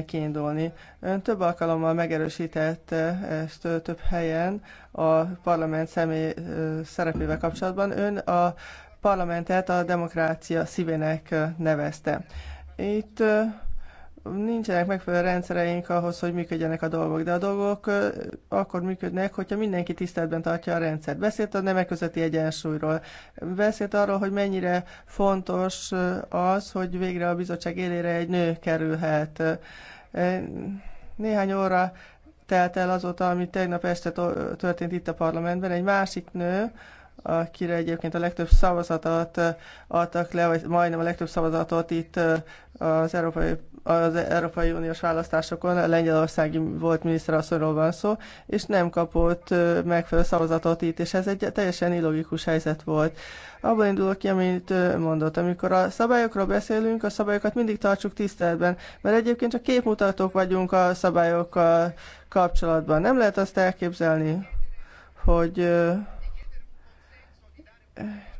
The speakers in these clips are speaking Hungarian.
kiindulni. Ön több alkalommal megerősített eh, ezt eh, több helyen a parlament személy eh, szerepével kapcsolatban. Ön a parlamentet a demokrácia szívének nevezte. Itt nincsenek megfelelő rendszereink ahhoz, hogy működjenek a dolgok, de a dolgok akkor működnek, hogyha mindenki tiszteletben tartja a rendszert. Beszélt a nemek közötti egyensúlyról, beszélt arról, hogy mennyire fontos az, hogy végre a bizottság élére egy nő kerülhet. Néhány óra telt el azóta, ami tegnap este történt itt a parlamentben, egy másik nő, akire egyébként a legtöbb szavazatot adtak le, vagy majdnem a legtöbb szavazatot itt az Európai, az Európai Uniós választásokon, a lengyelországi volt miniszterasszonyról van szó, és nem kapott megfelelő szavazatot itt, és ez egy teljesen illogikus helyzet volt. Abban indulok ki, amit mondott. Amikor a szabályokról beszélünk, a szabályokat mindig tartsuk tiszteletben, mert egyébként csak képmutatók vagyunk a szabályokkal kapcsolatban. Nem lehet azt elképzelni, hogy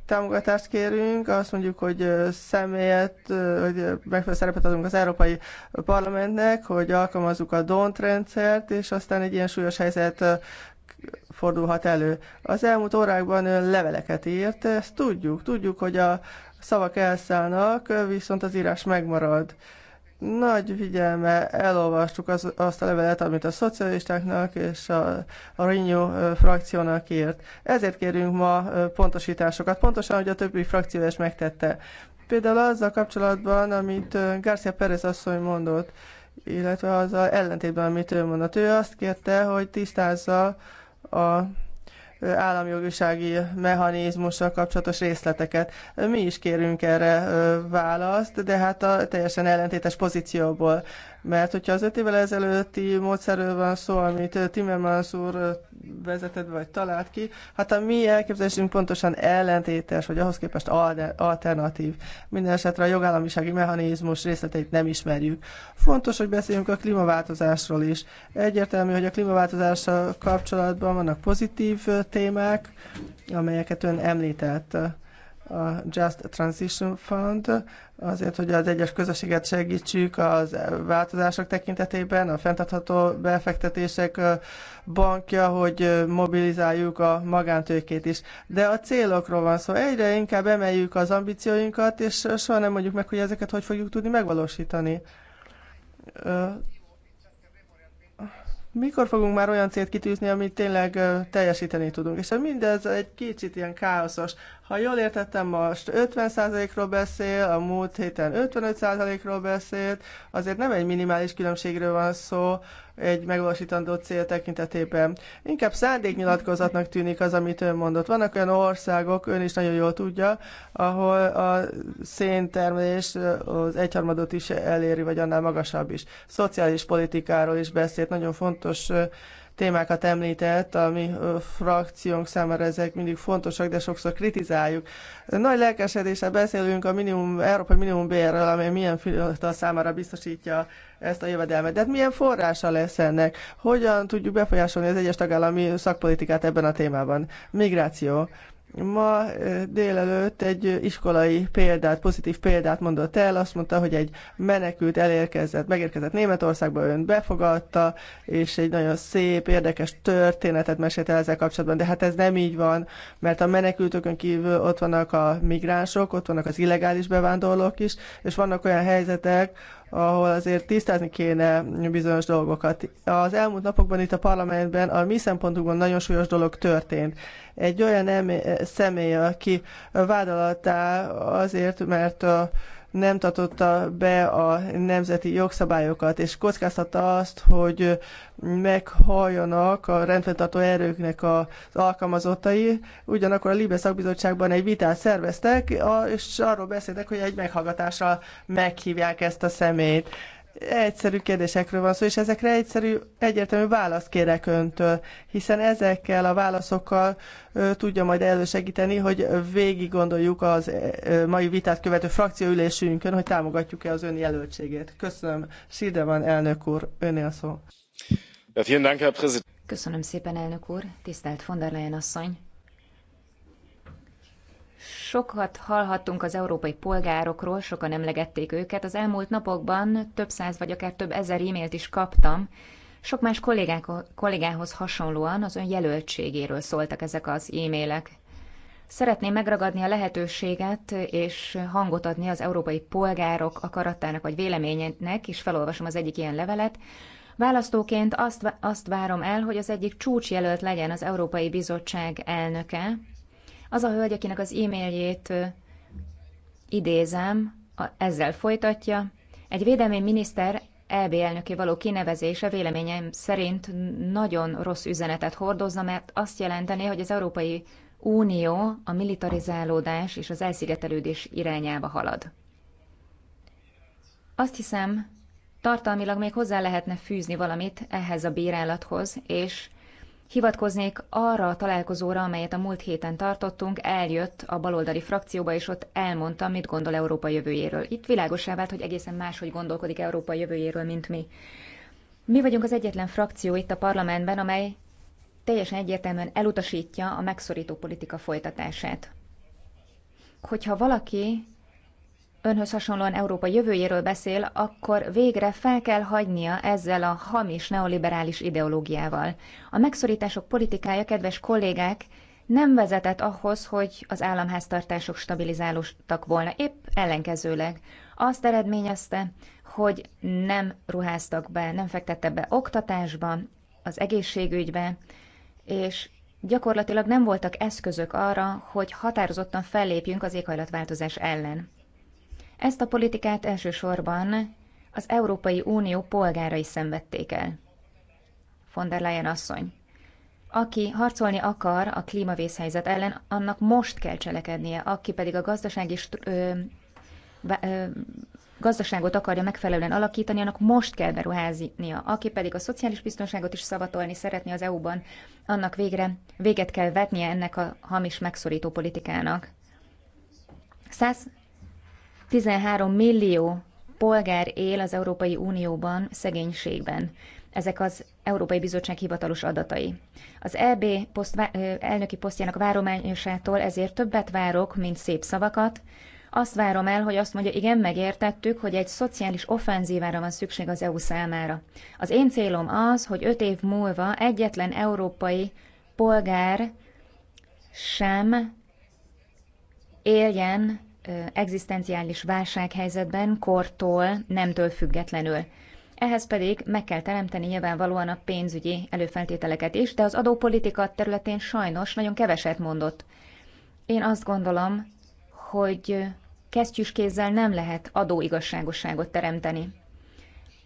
támogatást kérünk, azt mondjuk, hogy személyet, hogy megfelelő szerepet adunk az Európai Parlamentnek, hogy alkalmazzuk a DONT rendszert, és aztán egy ilyen súlyos helyzet fordulhat elő. Az elmúlt órákban ön leveleket írt, ezt tudjuk, tudjuk, hogy a szavak elszállnak, viszont az írás megmarad nagy figyelme elolvastuk az, azt a levelet, amit a szocialistáknak és a, a Renew frakciónak írt. Ezért kérünk ma pontosításokat, pontosan, hogy a többi frakció is megtette. Például azzal kapcsolatban, amit Garcia Perez asszony mondott, illetve a ellentétben, amit ő mondott. Ő azt kérte, hogy tisztázza a állami mechanizmussal kapcsolatos részleteket. Mi is kérünk erre választ, de hát a teljesen ellentétes pozícióból. Mert hogyha az öt évvel ezelőtti módszerről van szó, amit Timmermans úr vezetett vagy talált ki, hát a mi elképzelésünk pontosan ellentétes, vagy ahhoz képest alternatív. Minden esetre a jogállamisági mechanizmus részleteit nem ismerjük. Fontos, hogy beszéljünk a klímaváltozásról is. Egyértelmű, hogy a klímaváltozással kapcsolatban vannak pozitív témák, amelyeket ön említett a Just Transition Fund, azért, hogy az egyes közösséget segítsük az változások tekintetében, a fenntartható befektetések bankja, hogy mobilizáljuk a magántőkét is. De a célokról van szó. egyre inkább emeljük az ambícióinkat, és soha nem mondjuk meg, hogy ezeket hogy fogjuk tudni megvalósítani mikor fogunk már olyan célt kitűzni, amit tényleg teljesíteni tudunk? És mindez egy kicsit ilyen káoszos. Ha jól értettem, most 50%-ról beszél, a múlt héten 55%-ról beszélt, azért nem egy minimális különbségről van szó, egy megvalósítandó cél tekintetében. Inkább szándéknyilatkozatnak tűnik az, amit ön mondott. Vannak olyan országok, ön is nagyon jól tudja, ahol a széntermelés az egyharmadot is eléri, vagy annál magasabb is. Szociális politikáról is beszélt, nagyon fontos témákat említett, ami frakciónk számára ezek mindig fontosak, de sokszor kritizáljuk. Nagy lelkesedéssel beszélünk a minimum, Európai Minimum Bérről, amely milyen fiatal számára biztosítja ezt a jövedelmet. De hát milyen forrása lesz ennek? Hogyan tudjuk befolyásolni az egyes tagállami szakpolitikát ebben a témában? Migráció. Ma eh, délelőtt egy eh, iskolai példát, pozitív példát mondott el, azt mondta, hogy egy menekült elérkezett, megérkezett Németországba, ön befogadta, és egy nagyon szép, érdekes történetet mesélt el ezzel kapcsolatban, de hát ez nem így van, mert a menekültökön kívül ott vannak a migránsok, ott vannak az illegális bevándorlók is, és vannak olyan helyzetek, ahol azért tisztázni kéne bizonyos dolgokat. Az elmúlt napokban itt a parlamentben a mi szempontunkban nagyon súlyos dolog történt egy olyan emé- személy, aki vádalattá azért, mert a nem tartotta be a nemzeti jogszabályokat, és kockáztatta azt, hogy meghalljanak a rendfenntartó erőknek az alkalmazottai. Ugyanakkor a Libe szakbizottságban egy vitát szerveztek, és arról beszéltek, hogy egy meghallgatásra meghívják ezt a szemét egyszerű kérdésekről van szó, és ezekre egyszerű, egyértelmű választ kérek öntől, hiszen ezekkel a válaszokkal ö, tudja majd elősegíteni, hogy végig gondoljuk az ö, mai vitát követő frakcióülésünkön, hogy támogatjuk-e az ön jelöltségét. Köszönöm, van elnök úr, önél szó. Köszönöm szépen, elnök úr, tisztelt von der Leyen asszony. Sokat hallhattunk az európai polgárokról, sokan emlegették őket. Az elmúlt napokban több száz vagy akár több ezer e-mailt is kaptam. Sok más kollégák, kollégához hasonlóan az ön jelöltségéről szóltak ezek az e-mailek. Szeretném megragadni a lehetőséget és hangot adni az európai polgárok akaratának vagy véleményének, és felolvasom az egyik ilyen levelet. Választóként azt, azt várom el, hogy az egyik csúcsjelölt legyen az Európai Bizottság elnöke, az a hölgy, akinek az e-mailjét idézem, a, ezzel folytatja. Egy védelmi miniszter EB elnöki való kinevezése véleményem szerint nagyon rossz üzenetet hordozna, mert azt jelenteni, hogy az Európai Unió a militarizálódás és az elszigetelődés irányába halad. Azt hiszem, tartalmilag még hozzá lehetne fűzni valamit ehhez a bírálathoz, és Hivatkoznék arra a találkozóra, amelyet a múlt héten tartottunk, eljött a baloldali frakcióba, és ott elmondta, mit gondol Európa jövőjéről. Itt világosá vált, hogy egészen máshogy gondolkodik Európa jövőjéről, mint mi. Mi vagyunk az egyetlen frakció itt a parlamentben, amely teljesen egyértelműen elutasítja a megszorító politika folytatását. Hogyha valaki önhöz hasonlóan Európa jövőjéről beszél, akkor végre fel kell hagynia ezzel a hamis neoliberális ideológiával. A megszorítások politikája, kedves kollégák, nem vezetett ahhoz, hogy az államháztartások stabilizálódtak volna, épp ellenkezőleg. Azt eredményezte, hogy nem ruháztak be, nem fektette be oktatásba, az egészségügybe, és gyakorlatilag nem voltak eszközök arra, hogy határozottan fellépjünk az éghajlatváltozás ellen. Ezt a politikát elsősorban az Európai Unió polgárai szenvedték el. Von der Leyen asszony. Aki harcolni akar a klímavészhelyzet ellen, annak most kell cselekednie, aki pedig a gazdasági ö, ö, gazdaságot akarja megfelelően alakítani, annak most kell beruháznia. Aki pedig a szociális biztonságot is szavatolni szeretné az EU-ban, annak végre véget kell vetnie ennek a hamis megszorító politikának. 100 13 millió polgár él az Európai Unióban szegénységben. Ezek az Európai Bizottság hivatalos adatai. Az EB poszt, elnöki posztjának várományosától ezért többet várok, mint szép szavakat. Azt várom el, hogy azt mondja, igen, megértettük, hogy egy szociális offenzívára van szükség az EU számára. Az én célom az, hogy öt év múlva egyetlen európai polgár sem éljen egzisztenciális válsághelyzetben, kortól, nemtől függetlenül. Ehhez pedig meg kell teremteni nyilvánvalóan a pénzügyi előfeltételeket is, de az adópolitika területén sajnos nagyon keveset mondott. Én azt gondolom, hogy kesztyűs kézzel nem lehet adóigazságosságot teremteni.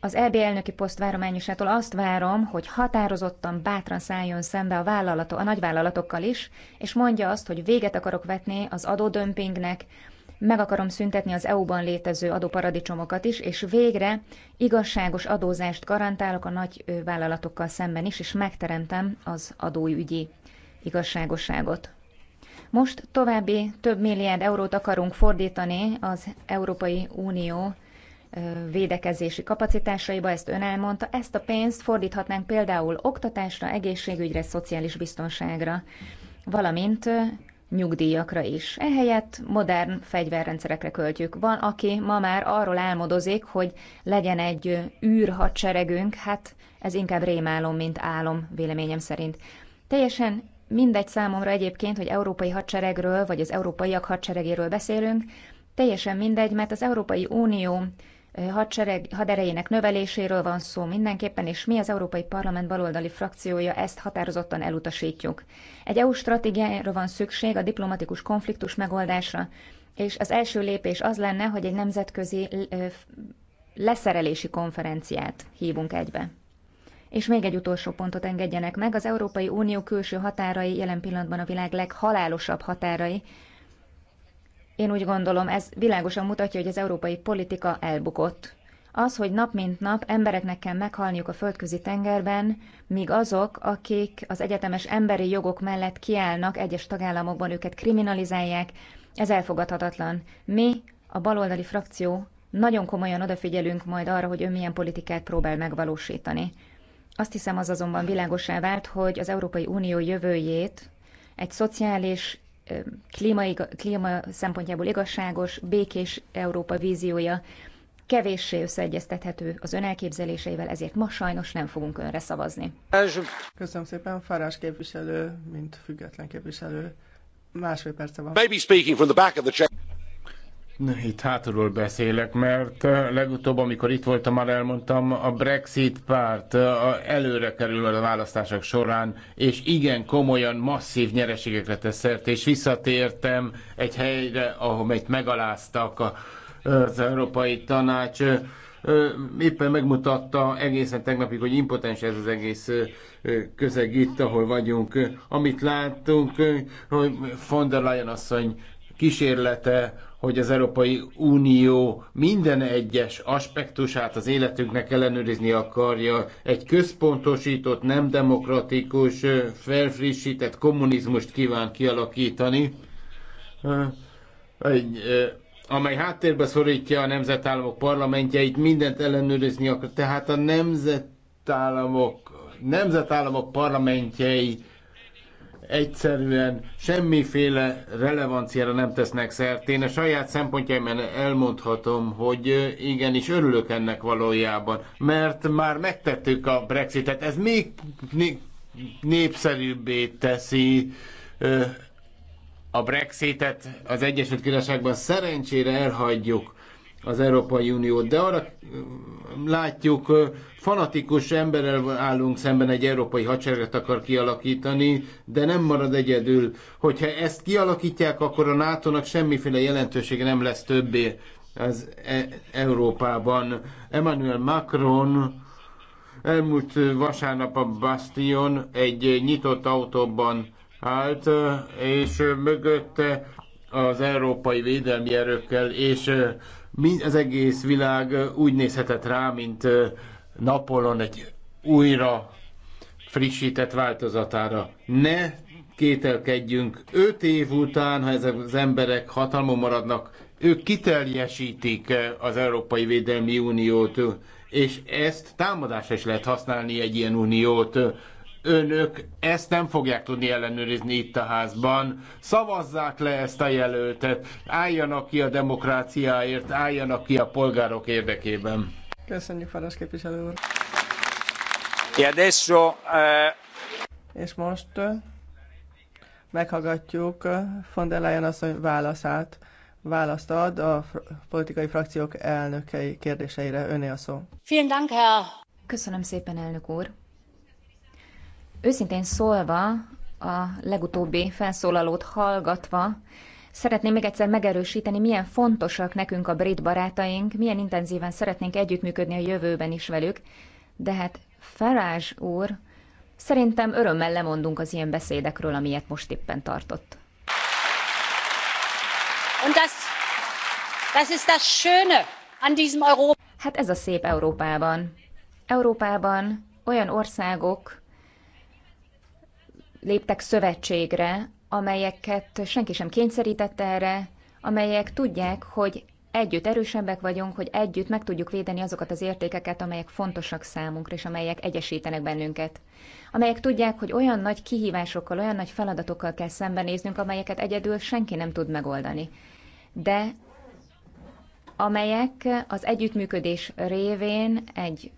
Az EB elnöki poszt várományosától azt várom, hogy határozottan, bátran szálljon szembe a, vállalato, a nagyvállalatokkal is, és mondja azt, hogy véget akarok vetni az adódömpingnek, meg akarom szüntetni az EU-ban létező adóparadicsomokat is, és végre igazságos adózást garantálok a nagy vállalatokkal szemben is, és megteremtem az adóügyi igazságosságot. Most további több milliárd eurót akarunk fordítani az Európai Unió védekezési kapacitásaiba, ezt ön elmondta, ezt a pénzt fordíthatnánk például oktatásra, egészségügyre, szociális biztonságra, valamint nyugdíjakra is. Ehelyett modern fegyverrendszerekre költjük. Van, aki ma már arról álmodozik, hogy legyen egy űrhadseregünk, hát ez inkább rémálom, mint álom, véleményem szerint. Teljesen mindegy számomra egyébként, hogy európai hadseregről, vagy az európaiak hadseregéről beszélünk, teljesen mindegy, mert az Európai Unió hadsereg, haderejének növeléséről van szó mindenképpen, és mi az Európai Parlament baloldali frakciója ezt határozottan elutasítjuk. Egy EU stratégiára van szükség a diplomatikus konfliktus megoldásra, és az első lépés az lenne, hogy egy nemzetközi leszerelési konferenciát hívunk egybe. És még egy utolsó pontot engedjenek meg, az Európai Unió külső határai jelen pillanatban a világ leghalálosabb határai, én úgy gondolom, ez világosan mutatja, hogy az európai politika elbukott. Az, hogy nap mint nap embereknek kell meghalniuk a földközi tengerben, míg azok, akik az egyetemes emberi jogok mellett kiállnak, egyes tagállamokban őket kriminalizálják, ez elfogadhatatlan. Mi, a baloldali frakció, nagyon komolyan odafigyelünk majd arra, hogy ön milyen politikát próbál megvalósítani. Azt hiszem, az azonban világosá vált, hogy az Európai Unió jövőjét egy szociális, klíma, klíma szempontjából igazságos, békés Európa víziója kevéssé összeegyeztethető az ön elképzeléseivel, ezért ma sajnos nem fogunk önre szavazni. Köszönöm szépen, Farás képviselő, mint független képviselő. Másfél perce van. Itt hátulról beszélek, mert legutóbb, amikor itt voltam, már elmondtam, a Brexit párt előre kerül a választások során, és igen komolyan masszív nyereségekre teszert, szert, és visszatértem egy helyre, ahol egy megaláztak az Európai Tanács éppen megmutatta egészen tegnapig, hogy impotens ez az egész közeg itt, ahol vagyunk. Amit láttunk, hogy von der Leyen asszony kísérlete, hogy az Európai Unió minden egyes aspektusát az életünknek ellenőrizni akarja. Egy központosított, nem demokratikus, felfrissített kommunizmust kíván kialakítani, egy, amely háttérbe szorítja a nemzetállamok parlamentjeit, mindent ellenőrizni akar. Tehát a nemzetállamok, nemzetállamok parlamentjei egyszerűen semmiféle relevanciára nem tesznek szert. Én a saját szempontjaimban elmondhatom, hogy igenis örülök ennek valójában, mert már megtettük a Brexitet, ez még népszerűbbé teszi a Brexitet az Egyesült Királyságban. Szerencsére elhagyjuk az Európai Uniót, de arra látjuk, fanatikus emberrel állunk szemben, egy európai hadsereget akar kialakítani, de nem marad egyedül. Hogyha ezt kialakítják, akkor a NATO-nak semmiféle jelentősége nem lesz többé az e- Európában. Emmanuel Macron elmúlt vasárnap a Bastion egy nyitott autóban állt, és mögötte az európai védelmi erőkkel és mind az egész világ úgy nézhetett rá, mint Napolon egy újra frissített változatára. Ne kételkedjünk. Öt év után, ha ezek az emberek hatalmon maradnak, ők kiteljesítik az Európai Védelmi Uniót, és ezt támadásra is lehet használni egy ilyen uniót önök ezt nem fogják tudni ellenőrizni itt a házban. Szavazzák le ezt a jelöltet, álljanak ki a demokráciáért, álljanak ki a polgárok érdekében. Köszönjük, Faras képviselő úr. E adesso, uh... És most eh, meghallgatjuk eh, von der Leyen asszony válaszát. Választ ad a politikai frakciók elnökei kérdéseire. Öné a szó. Köszönöm szépen, elnök úr. Őszintén szólva, a legutóbbi felszólalót hallgatva, szeretném még egyszer megerősíteni, milyen fontosak nekünk a brit barátaink, milyen intenzíven szeretnénk együttműködni a jövőben is velük, de hát Farage úr, szerintem örömmel lemondunk az ilyen beszédekről, amilyet most éppen tartott. Und das, das ist das Schöne an diesem Europa. Hát ez a szép Európában. Európában olyan országok, léptek szövetségre, amelyeket senki sem kényszerített erre, amelyek tudják, hogy együtt erősebbek vagyunk, hogy együtt meg tudjuk védeni azokat az értékeket, amelyek fontosak számunkra, és amelyek egyesítenek bennünket. Amelyek tudják, hogy olyan nagy kihívásokkal, olyan nagy feladatokkal kell szembenéznünk, amelyeket egyedül senki nem tud megoldani. De amelyek az együttműködés révén egy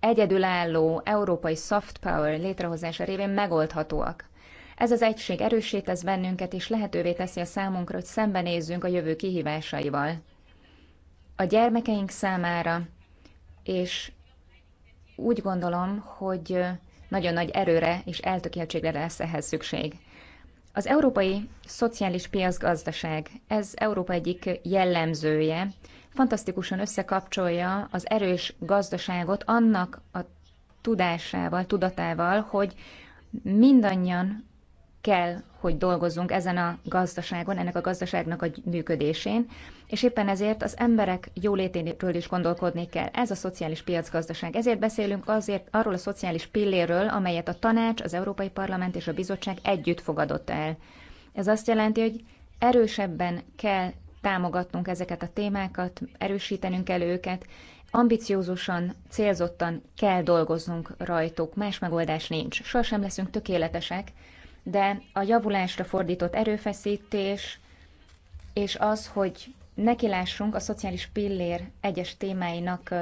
egyedülálló európai soft power létrehozása révén megoldhatóak. Ez az egység erősé tesz bennünket, és lehetővé teszi a számunkra, hogy szembenézzünk a jövő kihívásaival. A gyermekeink számára, és úgy gondolom, hogy nagyon nagy erőre és eltökéltségre lesz ehhez szükség. Az európai szociális piacgazdaság, ez Európa egyik jellemzője, fantasztikusan összekapcsolja az erős gazdaságot annak a tudásával, tudatával, hogy mindannyian kell, hogy dolgozzunk ezen a gazdaságon, ennek a gazdaságnak a működésén, és éppen ezért az emberek jólétéről is gondolkodni kell. Ez a szociális piacgazdaság. Ezért beszélünk azért arról a szociális pilléről, amelyet a tanács, az Európai Parlament és a bizottság együtt fogadott el. Ez azt jelenti, hogy erősebben kell támogatnunk ezeket a témákat, erősítenünk kell őket, ambiciózusan, célzottan kell dolgoznunk rajtuk, más megoldás nincs. Sosem leszünk tökéletesek, de a javulásra fordított erőfeszítés és az, hogy nekilássunk a szociális pillér egyes témáinak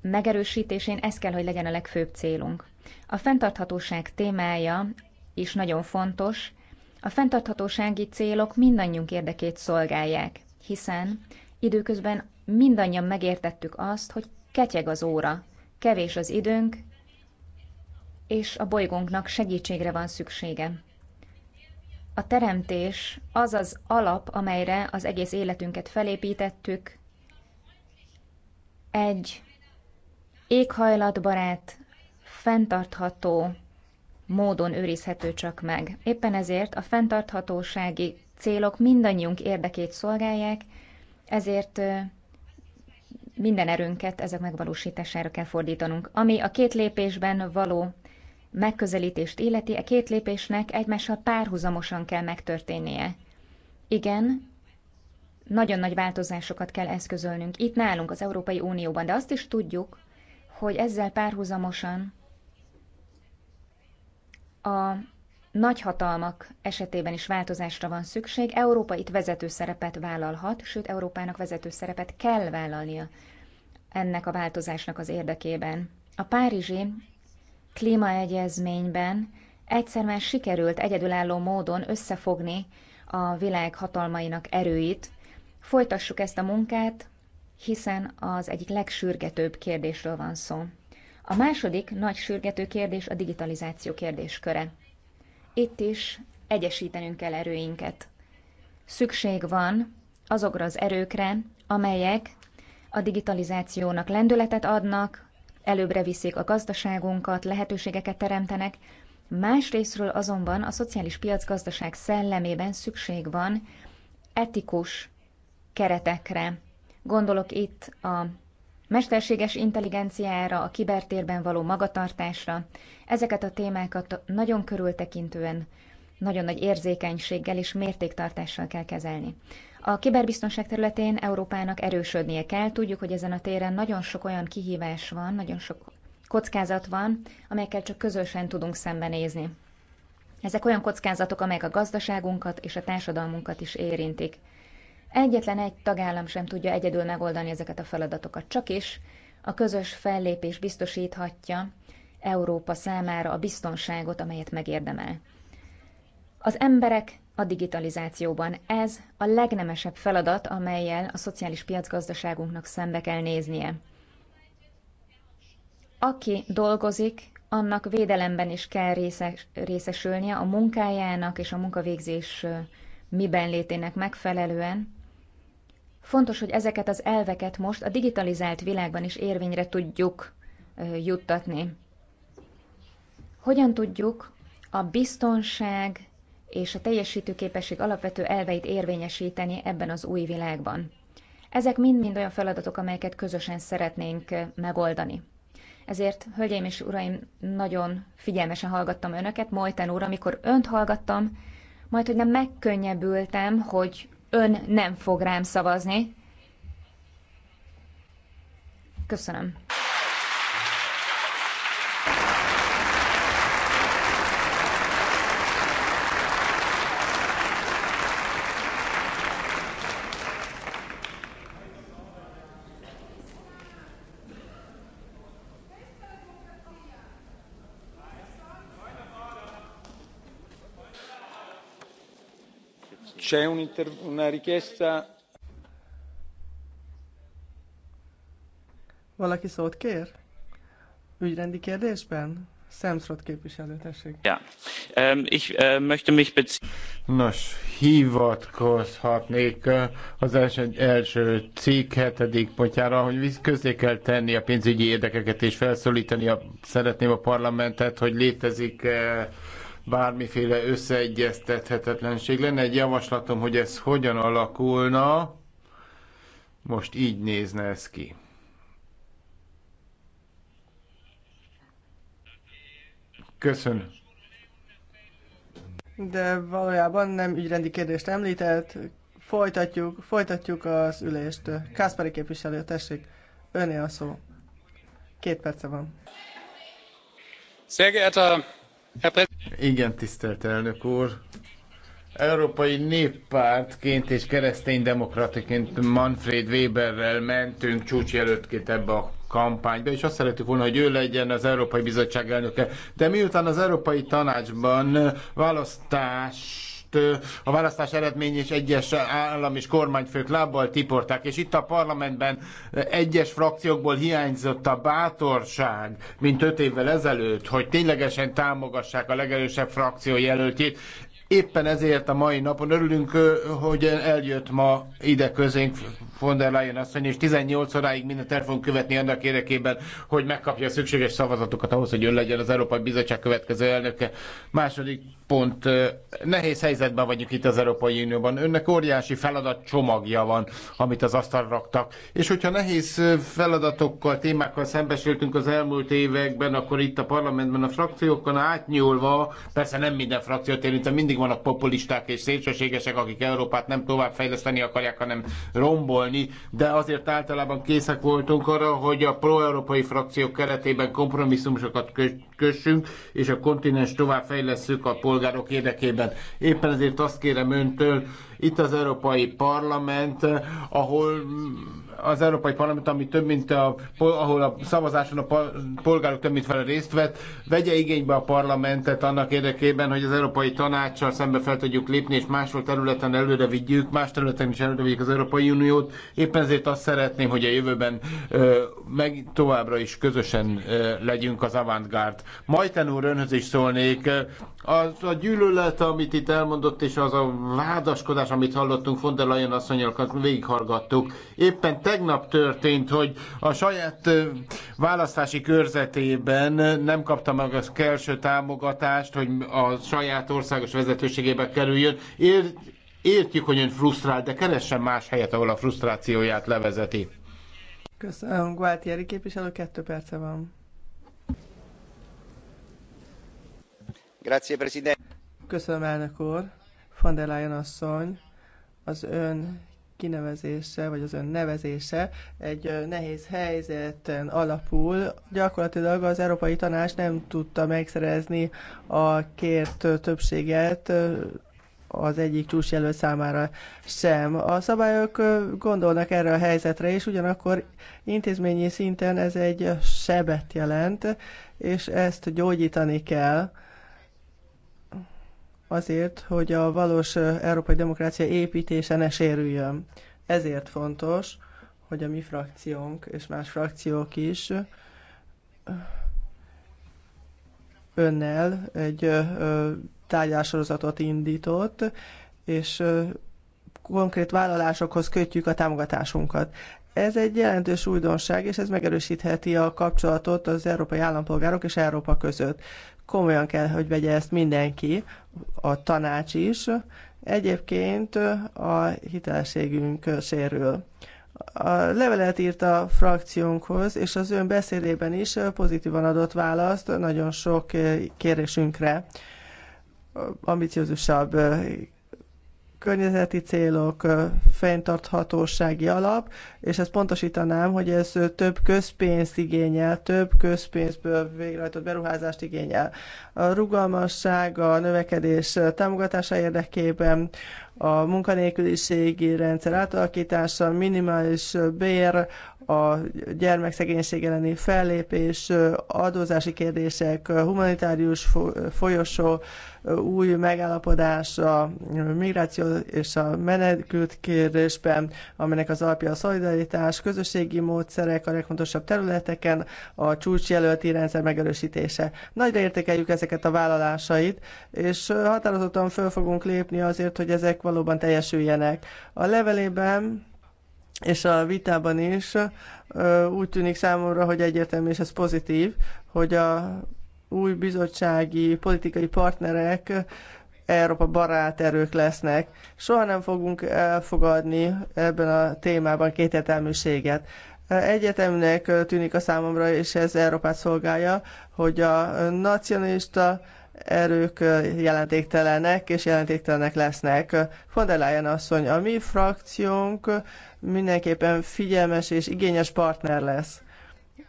megerősítésén, ez kell, hogy legyen a legfőbb célunk. A fenntarthatóság témája is nagyon fontos, a fenntarthatósági célok mindannyiunk érdekét szolgálják, hiszen időközben mindannyian megértettük azt, hogy ketyeg az óra, kevés az időnk, és a bolygónknak segítségre van szüksége. A teremtés az az alap, amelyre az egész életünket felépítettük. Egy éghajlatbarát, fenntartható módon őrizhető csak meg. Éppen ezért a fenntarthatósági célok mindannyiunk érdekét szolgálják, ezért minden erőnket ezek megvalósítására kell fordítanunk. Ami a két lépésben való megközelítést illeti, a e két lépésnek egymással párhuzamosan kell megtörténnie. Igen, nagyon nagy változásokat kell eszközölnünk itt nálunk, az Európai Unióban, de azt is tudjuk, hogy ezzel párhuzamosan a nagyhatalmak esetében is változásra van szükség. Európa itt vezető szerepet vállalhat, sőt Európának vezető szerepet kell vállalnia ennek a változásnak az érdekében. A Párizsi klímaegyezményben egyszer már sikerült egyedülálló módon összefogni a világ hatalmainak erőit. Folytassuk ezt a munkát, hiszen az egyik legsürgetőbb kérdésről van szó. A második nagy sürgető kérdés a digitalizáció kérdésköre. Itt is egyesítenünk kell erőinket. Szükség van azokra az erőkre, amelyek a digitalizációnak lendületet adnak, előbbre viszik a gazdaságunkat, lehetőségeket teremtenek, másrésztről azonban a szociális piacgazdaság szellemében szükség van etikus keretekre. Gondolok itt a mesterséges intelligenciára, a kibertérben való magatartásra. Ezeket a témákat nagyon körültekintően, nagyon nagy érzékenységgel és mértéktartással kell kezelni. A kiberbiztonság területén Európának erősödnie kell. Tudjuk, hogy ezen a téren nagyon sok olyan kihívás van, nagyon sok kockázat van, amelyekkel csak közösen tudunk szembenézni. Ezek olyan kockázatok, amelyek a gazdaságunkat és a társadalmunkat is érintik. Egyetlen egy tagállam sem tudja egyedül megoldani ezeket a feladatokat, csak is a közös fellépés biztosíthatja Európa számára a biztonságot, amelyet megérdemel. Az emberek a digitalizációban. Ez a legnemesebb feladat, amelyel a szociális piacgazdaságunknak szembe kell néznie. Aki dolgozik, annak védelemben is kell részes, részesülnie a munkájának és a munkavégzés miben létének megfelelően, Fontos, hogy ezeket az elveket most a digitalizált világban is érvényre tudjuk juttatni. Hogyan tudjuk a biztonság és a teljesítőképesség alapvető elveit érvényesíteni ebben az új világban? Ezek mind-mind olyan feladatok, amelyeket közösen szeretnénk megoldani. Ezért, hölgyeim és uraim, nagyon figyelmesen hallgattam önöket, Mojten úr, amikor önt hallgattam, majd, hogy nem megkönnyebbültem, hogy ön nem fog rám szavazni. Köszönöm. Valaki szót kér? Ügyrendi kérdésben? Szemszrot képviselő, tessék. Ja. Um, ich eh, möchte mich Nos, hivatkozhatnék eh, az első, első cikk hetedik pontjára, hogy közzé kell tenni a pénzügyi érdekeket, és felszólítani a, szeretném a parlamentet, hogy létezik uh, bármiféle összeegyeztethetetlenség. Lenne egy javaslatom, hogy ez hogyan alakulna, most így nézne ez ki. Köszönöm. De valójában nem ügyrendi kérdést említett. Folytatjuk, folytatjuk az ülést. Kászpari képviselő, tessék, öné a szó. Két perce van. Sehr geehrter igen, tisztelt elnök úr. Európai Néppártként és kereszténydemokratiként Manfred Weberrel mentünk csúcsjelöltként ebbe a kampányba, és azt szeretük volna, hogy ő legyen az Európai Bizottság elnöke. De miután az Európai Tanácsban választás a választás eredmény és egyes állam és kormányfők lábbal tiporták, és itt a parlamentben egyes frakciókból hiányzott a bátorság, mint öt évvel ezelőtt, hogy ténylegesen támogassák a legerősebb frakció jelöltjét. Éppen ezért a mai napon örülünk, hogy eljött ma ide közénk von der Leyen asszony, és 18 óráig minden terv fogunk követni annak érdekében, hogy megkapja a szükséges szavazatokat ahhoz, hogy ön legyen az Európai Bizottság következő elnöke. Második pont, nehéz helyzetben vagyunk itt az Európai Unióban. Önnek óriási feladat csomagja van, amit az asztalra raktak. És hogyha nehéz feladatokkal, témákkal szembesültünk az elmúlt években, akkor itt a parlamentben a frakciókon átnyúlva, persze nem minden frakciót érintem, mindig vannak populisták és szélsőségesek, akik Európát nem továbbfejleszteni akarják, hanem rombolni, de azért általában készek voltunk arra, hogy a pro-európai frakciók keretében kompromisszumokat kössünk, és a kontinens továbbfejlesszük a polgárok érdekében. Éppen ezért azt kérem öntől, itt az Európai Parlament, ahol az Európai Parlament, ami több mint a, ahol a szavazáson a polgárok több mint fele részt vett, vegye igénybe a parlamentet annak érdekében, hogy az Európai Tanácssal szembe fel tudjuk lépni, és máshol területen előre vigyük, más területen is előre vigyük az Európai Uniót. Éppen ezért azt szeretném, hogy a jövőben ö, meg továbbra is közösen ö, legyünk az avantgárd. Majten úr, önhöz is szólnék, az a gyűlölet, amit itt elmondott, és az a vádaskodás, amit hallottunk von der Leyen asszonyokat, végighallgattuk. Éppen tegnap történt, hogy a saját választási körzetében nem kapta meg az első támogatást, hogy a saját országos vezetőségébe kerüljön. Ér, értjük, hogy ön frusztrál, de keressen más helyet, ahol a frusztrációját levezeti. Köszönöm, Gualtieri képviselő, kettő perce van. Köszönöm, elnök úr. von der Leyen asszony, az ön kinevezése, vagy az ön nevezése egy nehéz helyzeten alapul. Gyakorlatilag az Európai Tanács nem tudta megszerezni a kért többséget az egyik csúcsjelölt számára sem. A szabályok gondolnak erre a helyzetre, és ugyanakkor intézményi szinten ez egy sebet jelent, és ezt gyógyítani kell azért, hogy a valós európai demokrácia építése ne sérüljön. Ezért fontos, hogy a mi frakciónk és más frakciók is önnel egy tárgyalássorozatot indított, és konkrét vállalásokhoz kötjük a támogatásunkat. Ez egy jelentős újdonság, és ez megerősítheti a kapcsolatot az európai állampolgárok és Európa között. Komolyan kell, hogy vegye ezt mindenki, a tanács is. Egyébként a hitelességünk sérül. A levelet írt a frakciónkhoz, és az ön beszédében is pozitívan adott választ nagyon sok kérésünkre ambiciózusabb környezeti célok, fenntarthatósági alap, és ezt pontosítanám, hogy ez több közpénzt igényel, több közpénzből végrehajtott beruházást igényel. A rugalmasság, a növekedés támogatása érdekében, a munkanélküliségi rendszer átalakítása, minimális bér, a gyermekszegénység elleni fellépés, adózási kérdések, humanitárius folyosó, új megállapodás a migráció és a menekült kérdésben, aminek az alapja a szolidaritás, közösségi módszerek a legfontosabb területeken, a csúcsjelölti rendszer megerősítése. Nagyra értékeljük ezeket a vállalásait, és határozottan föl fogunk lépni azért, hogy ezek valóban teljesüljenek. A levelében és a vitában is úgy tűnik számomra, hogy egyértelmű, és ez pozitív, hogy a új bizottsági politikai partnerek Európa barát erők lesznek. Soha nem fogunk elfogadni ebben a témában kétértelműséget. Egyetemnek tűnik a számomra, és ez Európát szolgálja, hogy a nacionalista erők jelentéktelenek és jelentéktelenek lesznek. Fondeláján asszony, a mi frakciónk mindenképpen figyelmes és igényes partner lesz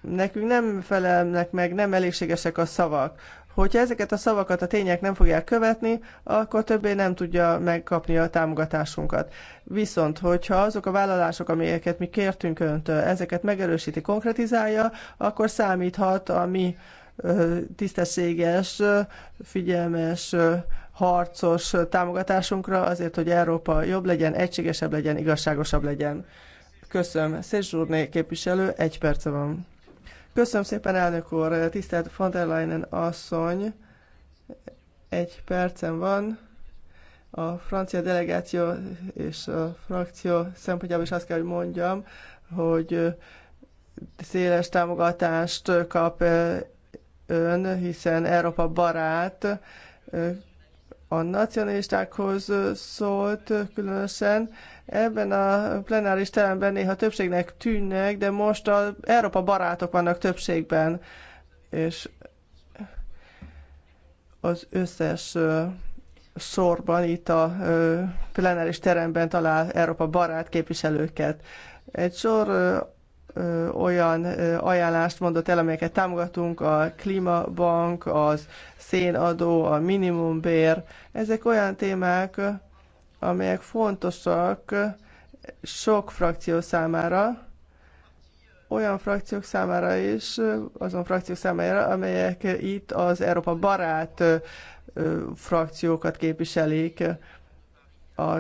nekünk nem felelnek meg, nem elégségesek a szavak. Hogyha ezeket a szavakat a tények nem fogják követni, akkor többé nem tudja megkapni a támogatásunkat. Viszont, hogyha azok a vállalások, amelyeket mi kértünk öntől, ezeket megerősíti, konkretizálja, akkor számíthat a mi tisztességes, figyelmes, harcos támogatásunkra azért, hogy Európa jobb legyen, egységesebb legyen, igazságosabb legyen. Köszönöm. Szézsúrné képviselő, egy perce van. Köszönöm szépen, elnök úr, tisztelt von der Leyen asszony. Egy percem van. A francia delegáció és a frakció szempontjából is azt kell, hogy mondjam, hogy széles támogatást kap ön, hiszen Európa barát, a nacionalistákhoz szólt különösen. Ebben a plenáris teremben néha többségnek tűnnek, de most az Európa barátok vannak többségben, és az összes sorban itt a plenáris teremben talál Európa barát képviselőket. Egy sor ö, olyan ö, ajánlást mondott el, amelyeket támogatunk, a klímabank, az szénadó, a minimumbér. Ezek olyan témák, amelyek fontosak sok frakció számára, olyan frakciók számára is, azon frakciók számára, amelyek itt az Európa barát frakciókat képviselik. A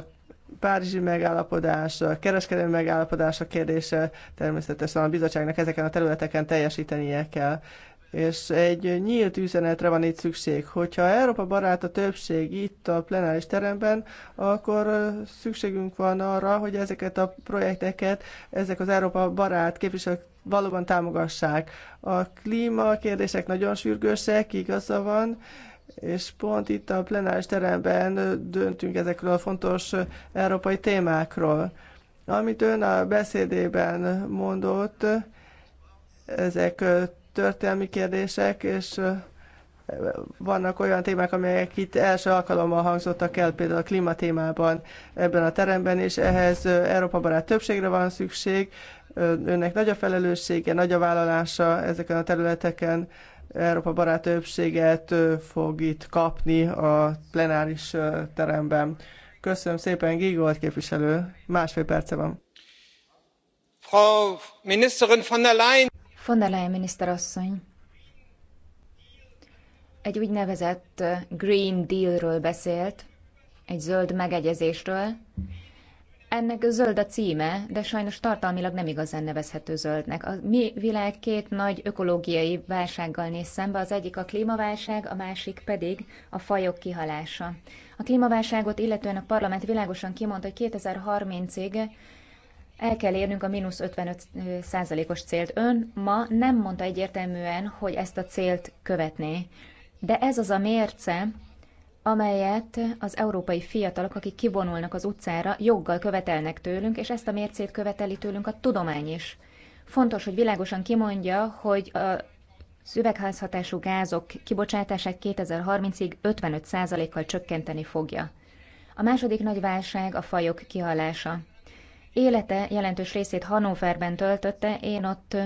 Párizsi megállapodás, a kereskedelmi megállapodás a kérdése, természetesen a bizottságnak ezeken a területeken teljesítenie kell. És egy nyílt üzenetre van itt szükség. Hogyha Európa barát a többség itt a plenáris teremben, akkor szükségünk van arra, hogy ezeket a projekteket, ezek az Európa barát képviselők valóban támogassák. A klíma kérdések nagyon sürgősek, igaza van, és pont itt a plenáris teremben döntünk ezekről a fontos európai témákról. Amit ön a beszédében mondott, ezek történelmi kérdések, és vannak olyan témák, amelyek itt első alkalommal hangzottak el, például a klímatémában ebben a teremben, és ehhez Európa barát többségre van szükség, önnek nagy a felelőssége, nagy a vállalása ezeken a területeken, Európa barát többséget fog itt kapni a plenáris teremben. Köszönöm szépen, Gigolt képviselő. Másfél perce van. Frau Ministerin von der Leyen. Von der Leyen miniszterasszony. Egy úgynevezett Green Dealről beszélt, egy zöld megegyezésről, ennek zöld a címe, de sajnos tartalmilag nem igazán nevezhető zöldnek. A mi világ két nagy ökológiai válsággal néz szembe, az egyik a klímaválság, a másik pedig a fajok kihalása. A klímaválságot illetően a parlament világosan kimondta, hogy 2030-ig el kell érnünk a mínusz 55 százalékos célt. Ön ma nem mondta egyértelműen, hogy ezt a célt követné. De ez az a mérce, amelyet az európai fiatalok, akik kivonulnak az utcára, joggal követelnek tőlünk, és ezt a mércét követeli tőlünk a tudomány is. Fontos, hogy világosan kimondja, hogy a az üvegházhatású gázok kibocsátását 2030-ig 55%-kal csökkenteni fogja. A második nagy válság a fajok kihalása. Élete jelentős részét Hannoverben töltötte, én ott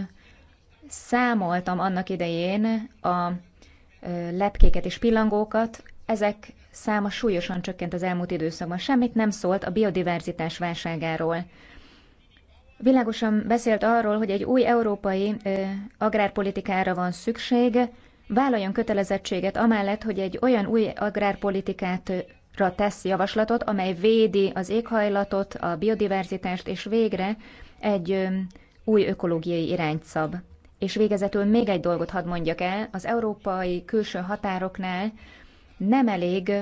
számoltam annak idején a lepkéket és pillangókat, ezek száma súlyosan csökkent az elmúlt időszakban. Semmit nem szólt a biodiverzitás válságáról. Világosan beszélt arról, hogy egy új európai ö, agrárpolitikára van szükség, vállaljon kötelezettséget amellett, hogy egy olyan új agrárpolitikát ra tesz javaslatot, amely védi az éghajlatot, a biodiverzitást, és végre egy ö, új ökológiai irányt szab. És végezetül még egy dolgot hadd mondjak el, az európai külső határoknál nem elég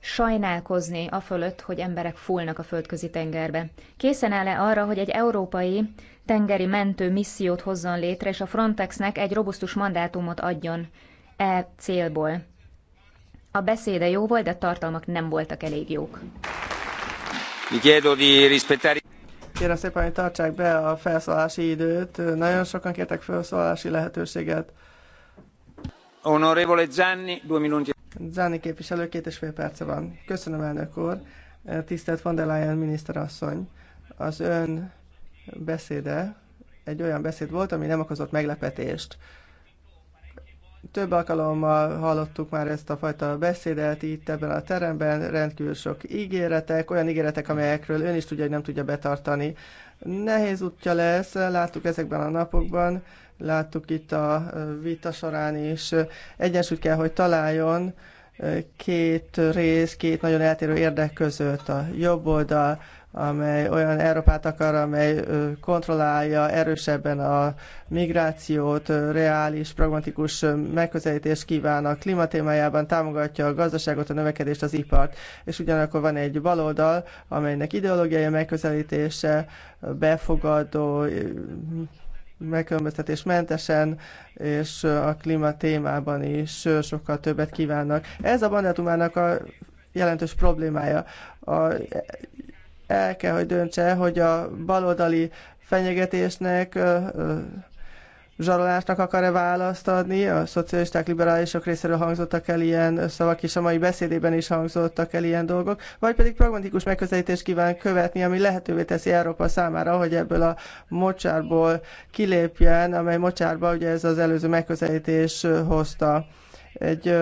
sajnálkozni a fölött, hogy emberek fúlnak a földközi tengerbe. Készen áll-e arra, hogy egy európai tengeri mentő missziót hozzon létre, és a Frontexnek egy robusztus mandátumot adjon e célból? A beszéde jó volt, de tartalmak nem voltak elég jók. Kérem szépen, hogy tartsák be a felszólási időt. Nagyon sokan kértek felszólási lehetőséget. Honorevole Zanni, 2 minuti. Záni képviselő, két és fél perce van. Köszönöm, elnök úr. Tisztelt von der Leyen miniszterasszony, az ön beszéde egy olyan beszéd volt, ami nem okozott meglepetést. Több alkalommal hallottuk már ezt a fajta beszédet itt ebben a teremben, rendkívül sok ígéretek, olyan ígéretek, amelyekről ön is tudja, hogy nem tudja betartani. Nehéz útja lesz, láttuk ezekben a napokban, láttuk itt a vita során is, egyensúlyt kell, hogy találjon két rész, két nagyon eltérő érdek között. A jobb oldal, amely olyan Európát akar, amely kontrollálja erősebben a migrációt, reális, pragmatikus megközelítést kíván a klimatémájában, támogatja a gazdaságot, a növekedést, az ipart. És ugyanakkor van egy baloldal, amelynek ideológiai megközelítése, befogadó, mentesen, és a klíma témában is sokkal többet kívánnak. Ez a mandátumának a jelentős problémája. A, el kell, hogy döntse, hogy a baloldali fenyegetésnek zsarolásnak akar-e választ adni? A szocialisták, liberálisok részéről hangzottak el ilyen szavak, és a mai beszédében is hangzottak el ilyen dolgok, vagy pedig pragmatikus megközelítést kíván követni, ami lehetővé teszi Európa számára, hogy ebből a mocsárból kilépjen, amely mocsárba ugye ez az előző megközelítés hozta egy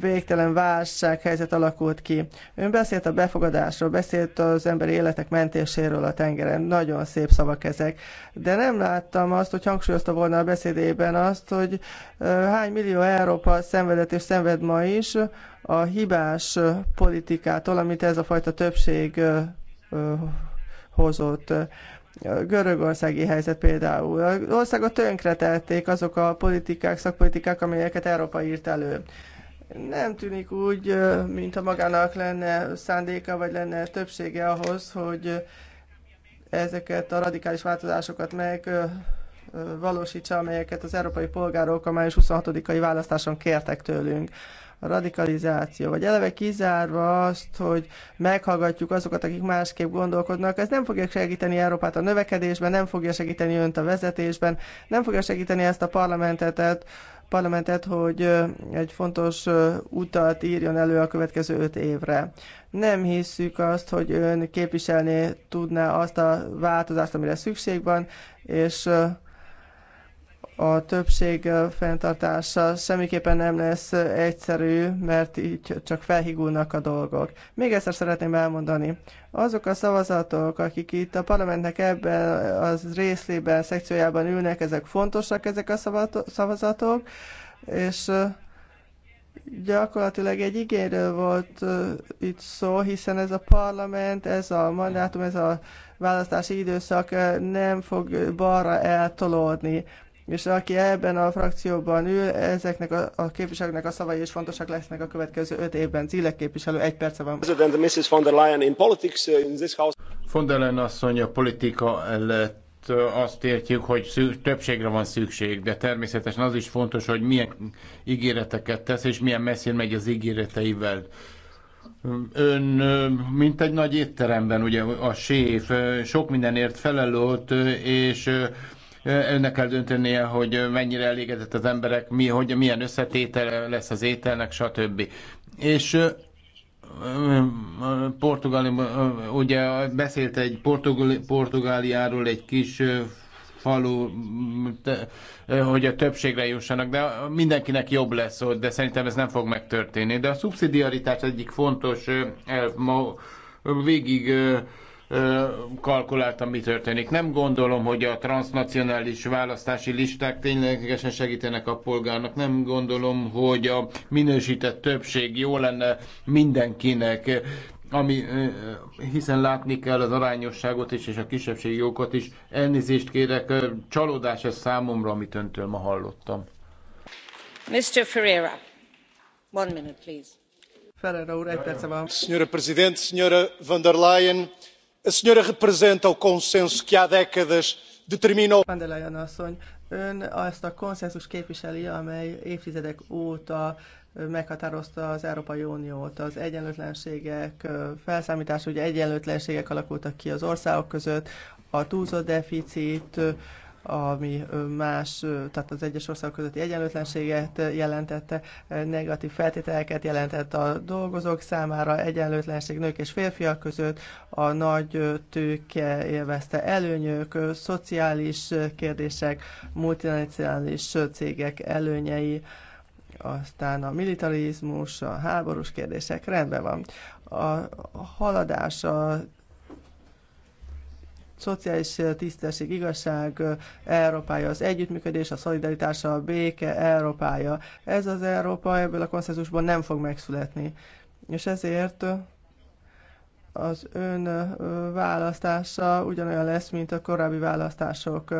végtelen válsághelyzet alakult ki. Ön beszélt a befogadásról, beszélt az emberi életek mentéséről a tengeren, nagyon szép szavak ezek, de nem láttam azt, hogy hangsúlyozta volna a beszédében azt, hogy hány millió Európa szenvedett és szenved ma is a hibás politikától, amit ez a fajta többség hozott. A görögországi helyzet például. Az országot tönkretették azok a politikák, szakpolitikák, amelyeket Európa írt elő. Nem tűnik úgy, mint a magának lenne szándéka, vagy lenne többsége ahhoz, hogy ezeket a radikális változásokat meg valósítsa, amelyeket az európai polgárok a május 26-ai választáson kértek tőlünk a radikalizáció, vagy eleve kizárva azt, hogy meghallgatjuk azokat, akik másképp gondolkodnak, ez nem fogja segíteni Európát a növekedésben, nem fogja segíteni önt a vezetésben, nem fogja segíteni ezt a parlamentet, parlamentet, hogy egy fontos utat írjon elő a következő öt évre. Nem hiszük azt, hogy ön képviselni tudná azt a változást, amire szükség van, és a többség fenntartása semmiképpen nem lesz egyszerű, mert így csak felhigulnak a dolgok. Még egyszer szeretném elmondani, azok a szavazatok, akik itt a parlamentnek ebben az részlében, szekciójában ülnek, ezek fontosak, ezek a szavazatok, és gyakorlatilag egy igényről volt itt szó, hiszen ez a parlament, ez a mandátum, ez a választási időszak nem fog balra eltolódni és aki ebben a frakcióban ül, ezeknek a, a képviselőknek a szavai is fontosak lesznek a következő öt évben. Cille képviselő, egy perce van. President von der Leyen in politics uh, in this house. Von der Leyen asszony a politika előtt uh, azt értjük, hogy szü- többségre van szükség, de természetesen az is fontos, hogy milyen ígéreteket tesz, és milyen messzire megy az ígéreteivel. Ön, uh, mint egy nagy étteremben, ugye a séf, sok mindenért felelőtt, és önnek kell döntenie, hogy mennyire elégedett az emberek, mi, hogy milyen összetétele lesz az ételnek, stb. És Portugáliában, ugye beszélt egy Portugál, Portugáliáról egy kis falu, hogy a többségre jussanak, de mindenkinek jobb lesz ott, de szerintem ez nem fog megtörténni. De a szubszidiaritás egyik fontos elv ma végig kalkuláltam, mi történik. Nem gondolom, hogy a transnacionális választási listák ténylegesen segítenek a polgárnak. Nem gondolom, hogy a minősített többség jó lenne mindenkinek ami, hiszen látni kell az arányosságot is, és a kisebbségi jogokat is. Elnézést kérek, csalódás ez számomra, amit öntől ma hallottam. Mr. Ferreira, one minute, please. Ferreira úr, egy perce van. Señora Presidente, Señora von der Leyen, a senhora representa o consenso que há décadas determinou. Van der Leyen asszony, ön azt a konszenzus képviseli, amely évtizedek óta meghatározta az Európai Uniót, az egyenlőtlenségek felszámítása, ugye egyenlőtlenségek alakultak ki az országok között, a túlzott deficit, ami más, tehát az egyes országok közötti egyenlőtlenséget jelentette, negatív feltételeket jelentett a dolgozók számára, egyenlőtlenség nők és férfiak között, a nagy tőke élvezte előnyök, szociális kérdések, multinacionális cégek előnyei, aztán a militarizmus, a háborús kérdések, rendben van. A haladás, a szociális tisztesség, igazság Európája, az együttműködés, a szolidaritás, a béke Európája. Ez az Európa ebből a konszenzusból nem fog megszületni. És ezért az ön választása ugyanolyan lesz, mint a korábbi választások.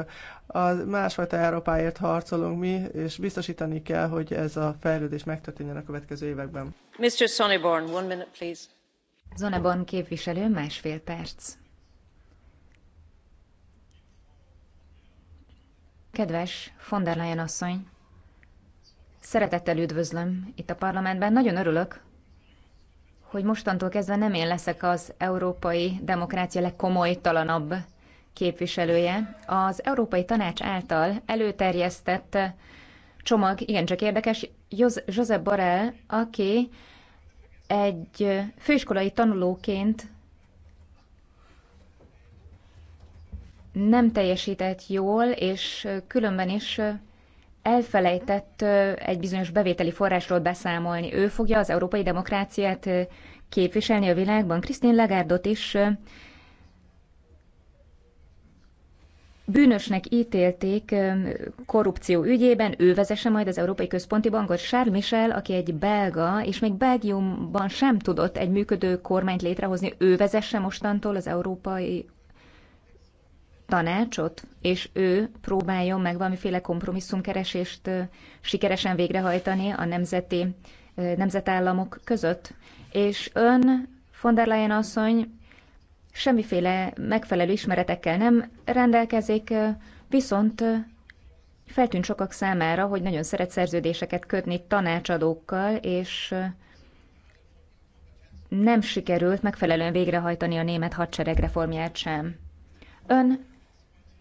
A másfajta Európáért harcolunk mi, és biztosítani kell, hogy ez a fejlődés megtörténjen a következő években. Mr. Sonneborn, one minute, please. Zoneborn képviselő, másfél perc. Kedves von der Leyen asszony, szeretettel üdvözlöm itt a parlamentben. Nagyon örülök, hogy mostantól kezdve nem én leszek az európai demokrácia legkomolytalanabb képviselője. Az Európai Tanács által előterjesztett csomag igencsak érdekes. Josep Borrell, aki egy főiskolai tanulóként nem teljesített jól, és különben is elfelejtett egy bizonyos bevételi forrásról beszámolni. Ő fogja az európai demokráciát képviselni a világban. Krisztin Lagárdot is bűnösnek ítélték korrupció ügyében, ő vezesse majd az Európai Központi Bankot. Charles Michel, aki egy belga, és még Belgiumban sem tudott egy működő kormányt létrehozni, ő vezesse mostantól az Európai tanácsot, és ő próbáljon meg valamiféle kompromisszumkeresést sikeresen végrehajtani a nemzeti nemzetállamok között. És ön, von der Leyen asszony, semmiféle megfelelő ismeretekkel nem rendelkezik, viszont feltűnt sokak számára, hogy nagyon szeret szerződéseket kötni tanácsadókkal, és nem sikerült megfelelően végrehajtani a német hadsereg reformját sem. Ön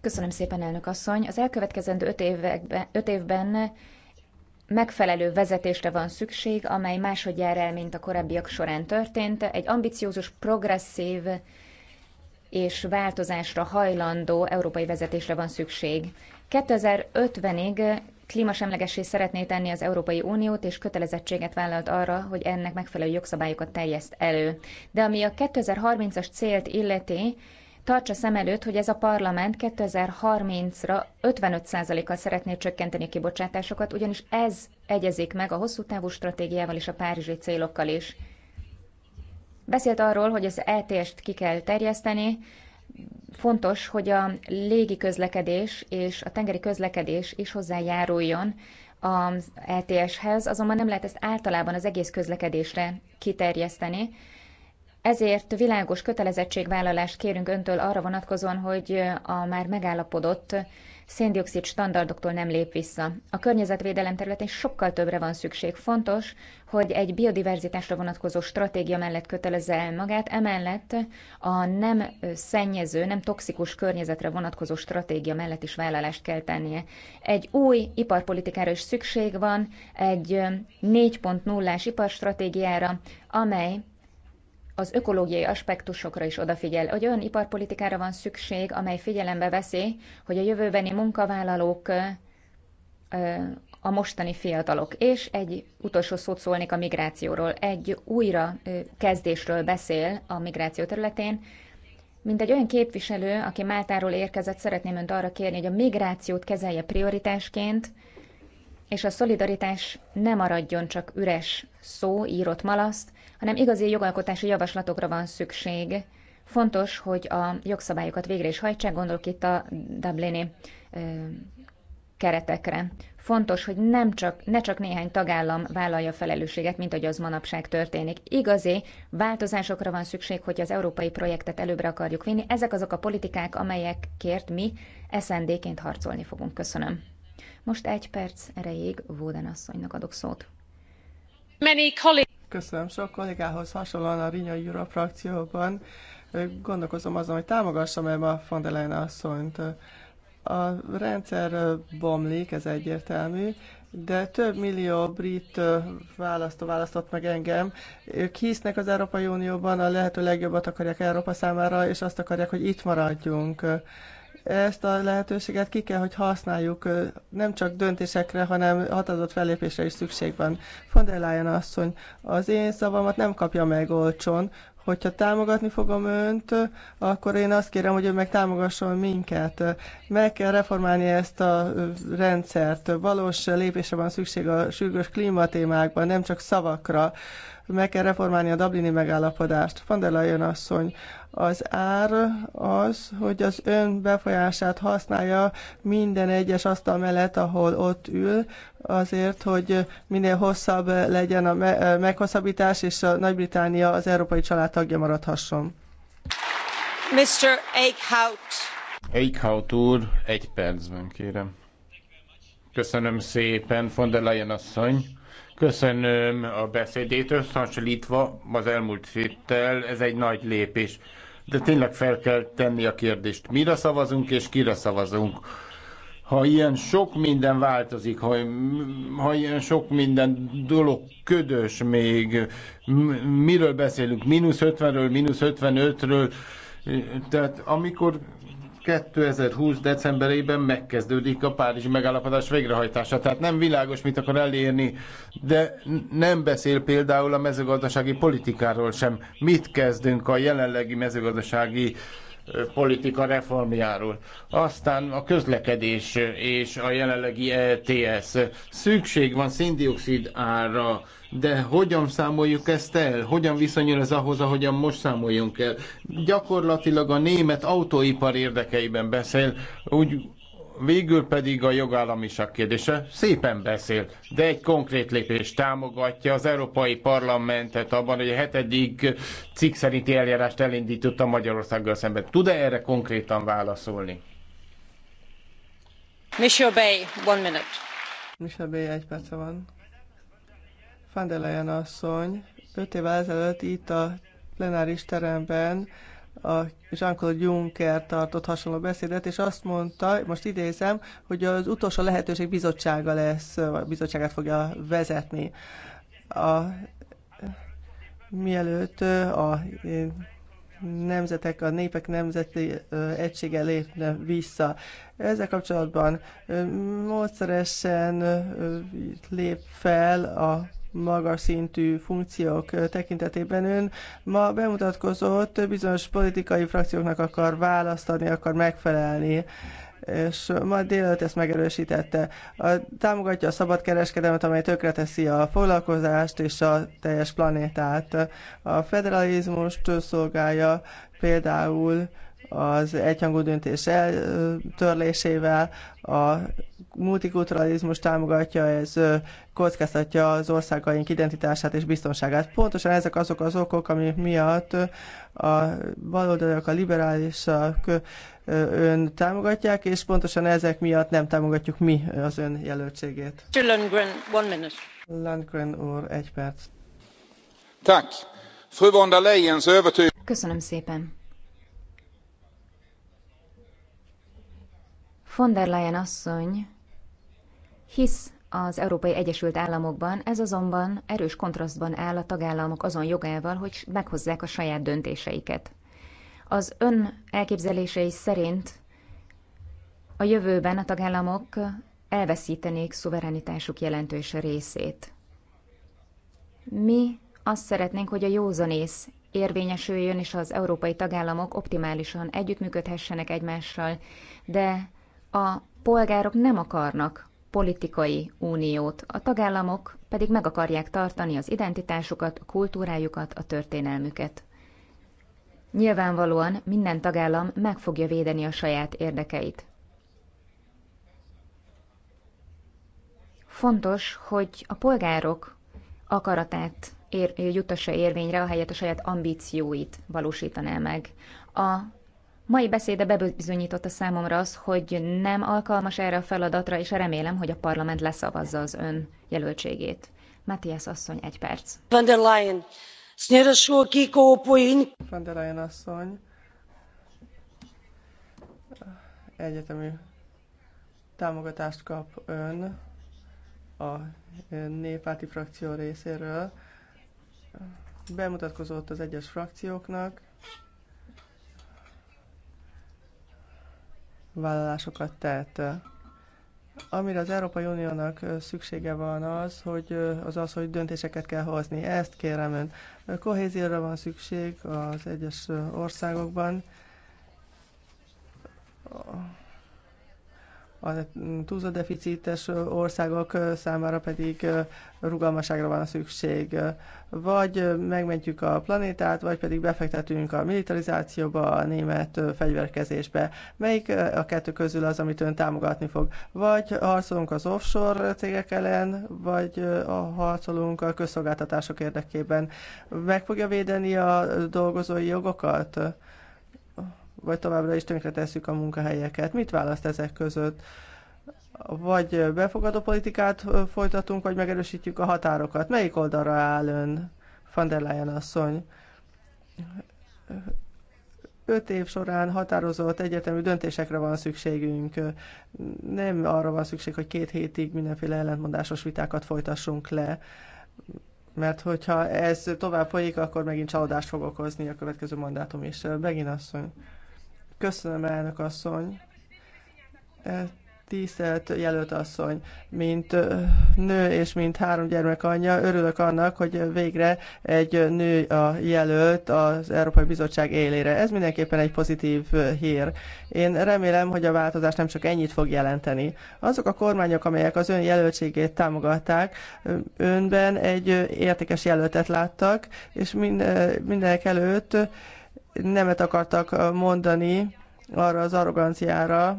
Köszönöm szépen, elnök asszony. Az elkövetkezendő öt, években, öt évben megfelelő vezetésre van szükség, amely másodjára el, mint a korábbiak során történt. Egy ambiciózus, progresszív és változásra hajlandó európai vezetésre van szükség. 2050-ig klímasemlegessé szeretné tenni az Európai Uniót, és kötelezettséget vállalt arra, hogy ennek megfelelő jogszabályokat terjeszt elő. De ami a 2030-as célt illeti, tartsa szem előtt, hogy ez a parlament 2030-ra 55%-kal szeretné csökkenteni a kibocsátásokat, ugyanis ez egyezik meg a hosszú távú stratégiával és a párizsi célokkal is. Beszélt arról, hogy az ETS-t ki kell terjeszteni, fontos, hogy a légi közlekedés és a tengeri közlekedés is hozzájáruljon az ETS-hez, azonban nem lehet ezt általában az egész közlekedésre kiterjeszteni, ezért világos kötelezettségvállalást kérünk öntől arra vonatkozóan, hogy a már megállapodott széndiokszid standardoktól nem lép vissza. A környezetvédelem területén sokkal többre van szükség. Fontos, hogy egy biodiverzitásra vonatkozó stratégia mellett kötelezze el magát, emellett a nem szennyező, nem toxikus környezetre vonatkozó stratégia mellett is vállalást kell tennie. Egy új iparpolitikára is szükség van, egy 4.0-ás iparstratégiára, amely az ökológiai aspektusokra is odafigyel. Hogy olyan iparpolitikára van szükség, amely figyelembe veszi, hogy a jövőbeni munkavállalók a mostani fiatalok. És egy utolsó szót szólnék a migrációról. Egy újra kezdésről beszél a migráció területén. Mint egy olyan képviselő, aki Máltáról érkezett, szeretném önt arra kérni, hogy a migrációt kezelje prioritásként, és a szolidaritás ne maradjon csak üres szó, írott malaszt, hanem igazi jogalkotási javaslatokra van szükség. Fontos, hogy a jogszabályokat végre is hajtsák, gondolok itt a Dublini ö, keretekre. Fontos, hogy nem csak, ne csak néhány tagállam vállalja felelősséget, mint ahogy az manapság történik. Igazi változásokra van szükség, hogy az európai projektet előbbre akarjuk vinni. Ezek azok a politikák, amelyekért mi SND-ként harcolni fogunk. Köszönöm. Most egy perc erejéig Vóden asszonynak adok szót. Many colleagues Köszönöm. Sok kollégához hasonlóan a Rinyai Jura frakcióban gondolkozom azon, hogy támogassam e a von der Leyen asszonyt. A rendszer bomlik, ez egyértelmű, de több millió brit választó választott meg engem. Ők hisznek az Európai Unióban, a lehető legjobbat akarják Európa számára, és azt akarják, hogy itt maradjunk ezt a lehetőséget ki kell, hogy használjuk. Nem csak döntésekre, hanem határozott fellépésre is szükség van. Von der Leyen asszony, az én szavamat nem kapja meg olcsón. Hogyha támogatni fogom önt, akkor én azt kérem, hogy ő meg támogasson minket. Meg kell reformálni ezt a rendszert. Valós lépésre van szükség a sürgős klímatémákban, nem csak szavakra meg kell reformálni a Dublini megállapodást. Van der Leyen asszony, az ár az, hogy az ön befolyását használja minden egyes asztal mellett, ahol ott ül, azért, hogy minél hosszabb legyen a me- meghosszabbítás, és a Nagy-Británia az európai család tagja maradhasson. Mr. Eichhout. Eichhout úr, egy percben kérem. Köszönöm szépen, von der Leyen asszony Köszönöm a beszédét. Összehasonlítva az elmúlt héttel ez egy nagy lépés. De tényleg fel kell tenni a kérdést, mire szavazunk és kire szavazunk. Ha ilyen sok minden változik, ha, ha ilyen sok minden dolog ködös még, miről beszélünk, mínusz 50-ről, mínusz 55-ről, tehát amikor 2020. decemberében megkezdődik a Párizsi megállapodás végrehajtása. Tehát nem világos, mit akar elérni, de nem beszél például a mezőgazdasági politikáról sem. Mit kezdünk a jelenlegi mezőgazdasági uh, politika reformjáról. Aztán a közlekedés és a jelenlegi ETS. Szükség van szindioxid ára, de hogyan számoljuk ezt el? Hogyan viszonyul ez ahhoz, ahogyan most számoljunk el? Gyakorlatilag a német autóipar érdekeiben beszél. Úgy Végül pedig a jogállamiság kérdése szépen beszélt, de egy konkrét lépés támogatja az Európai Parlamentet abban, hogy a hetedik cikk szerinti eljárást elindította Magyarországgal szemben. Tud-e erre konkrétan válaszolni? Michel Bay, one minute. Michel Bay, egy perc van. Van der Leyen asszony, öt évvel ezelőtt itt a plenáris teremben a Jean-Claude Juncker tartott hasonló beszédet, és azt mondta, most idézem, hogy az utolsó lehetőség bizottsága lesz, vagy bizottságát fogja vezetni. A, mielőtt a nemzetek, a népek nemzeti egysége lépne vissza. Ezzel kapcsolatban módszeresen lép fel a magas szintű funkciók tekintetében ön ma bemutatkozott, bizonyos politikai frakcióknak akar választani, akar megfelelni és ma délelőtt ezt megerősítette. A, támogatja a szabadkereskedelmet, amely teszi a foglalkozást és a teljes planétát. A federalizmust szolgálja például az egyhangú döntés eltörlésével, a multikulturalizmus támogatja, ez kockáztatja az országaink identitását és biztonságát. Pontosan ezek azok az okok, ami miatt a baloldalak, a liberálisak ön támogatják, és pontosan ezek miatt nem támogatjuk mi az ön jelöltségét. Lundgren, one minute. Lundgren úr, egy perc. Tak. Fru von der Köszönöm szépen. Von der Leyen asszony hisz az Európai Egyesült Államokban, ez azonban erős kontrasztban áll a tagállamok azon jogával, hogy meghozzák a saját döntéseiket. Az ön elképzelései szerint a jövőben a tagállamok elveszítenék szuverenitásuk jelentős részét. Mi azt szeretnénk, hogy a józanész érvényesüljön, és az európai tagállamok optimálisan együttműködhessenek egymással, de a polgárok nem akarnak politikai uniót, a tagállamok pedig meg akarják tartani az identitásukat, a kultúrájukat, a történelmüket. Nyilvánvalóan minden tagállam meg fogja védeni a saját érdekeit. Fontos, hogy a polgárok akaratát ér, jutassa érvényre, ahelyett a saját ambícióit valósítaná meg. A Mai beszéde bebizonyította számomra az, hogy nem alkalmas erre a feladatra, és remélem, hogy a parlament leszavazza az ön jelöltségét. Matthias asszony, egy perc. Van der Leyen, Van der Leyen asszony, egyetemű támogatást kap ön a néppárti frakció részéről. Bemutatkozott az egyes frakcióknak, vállalásokat tett. Amire az Európai Uniónak szüksége van az, hogy az az, hogy döntéseket kell hozni. Ezt kérem ön. Kohézióra van szükség az egyes országokban a túlzódeficites országok számára pedig rugalmaságra van a szükség. Vagy megmentjük a planétát, vagy pedig befektetünk a militarizációba, a német fegyverkezésbe. Melyik a kettő közül az, amit ön támogatni fog? Vagy harcolunk az offshore cégek ellen, vagy harcolunk a közszolgáltatások érdekében. Meg fogja védeni a dolgozói jogokat? vagy továbbra is tönkretesszük a munkahelyeket. Mit választ ezek között? Vagy befogadó politikát folytatunk, vagy megerősítjük a határokat. Melyik oldalra áll ön, van der Leyen asszony? öt év során határozott egyetemű döntésekre van szükségünk. Nem arra van szükség, hogy két hétig mindenféle ellentmondásos vitákat folytassunk le, mert hogyha ez tovább folyik, akkor megint csalódást fog okozni a következő mandátum is. Megint asszony. Köszönöm, elnök asszony. Tisztelt jelölt asszony, mint nő és mint három gyermek anyja, örülök annak, hogy végre egy nő a jelölt az Európai Bizottság élére. Ez mindenképpen egy pozitív hír. Én remélem, hogy a változás nem csak ennyit fog jelenteni. Azok a kormányok, amelyek az ön jelöltségét támogatták, önben egy értékes jelöltet láttak, és mindenek előtt nemet akartak mondani arra az arroganciára,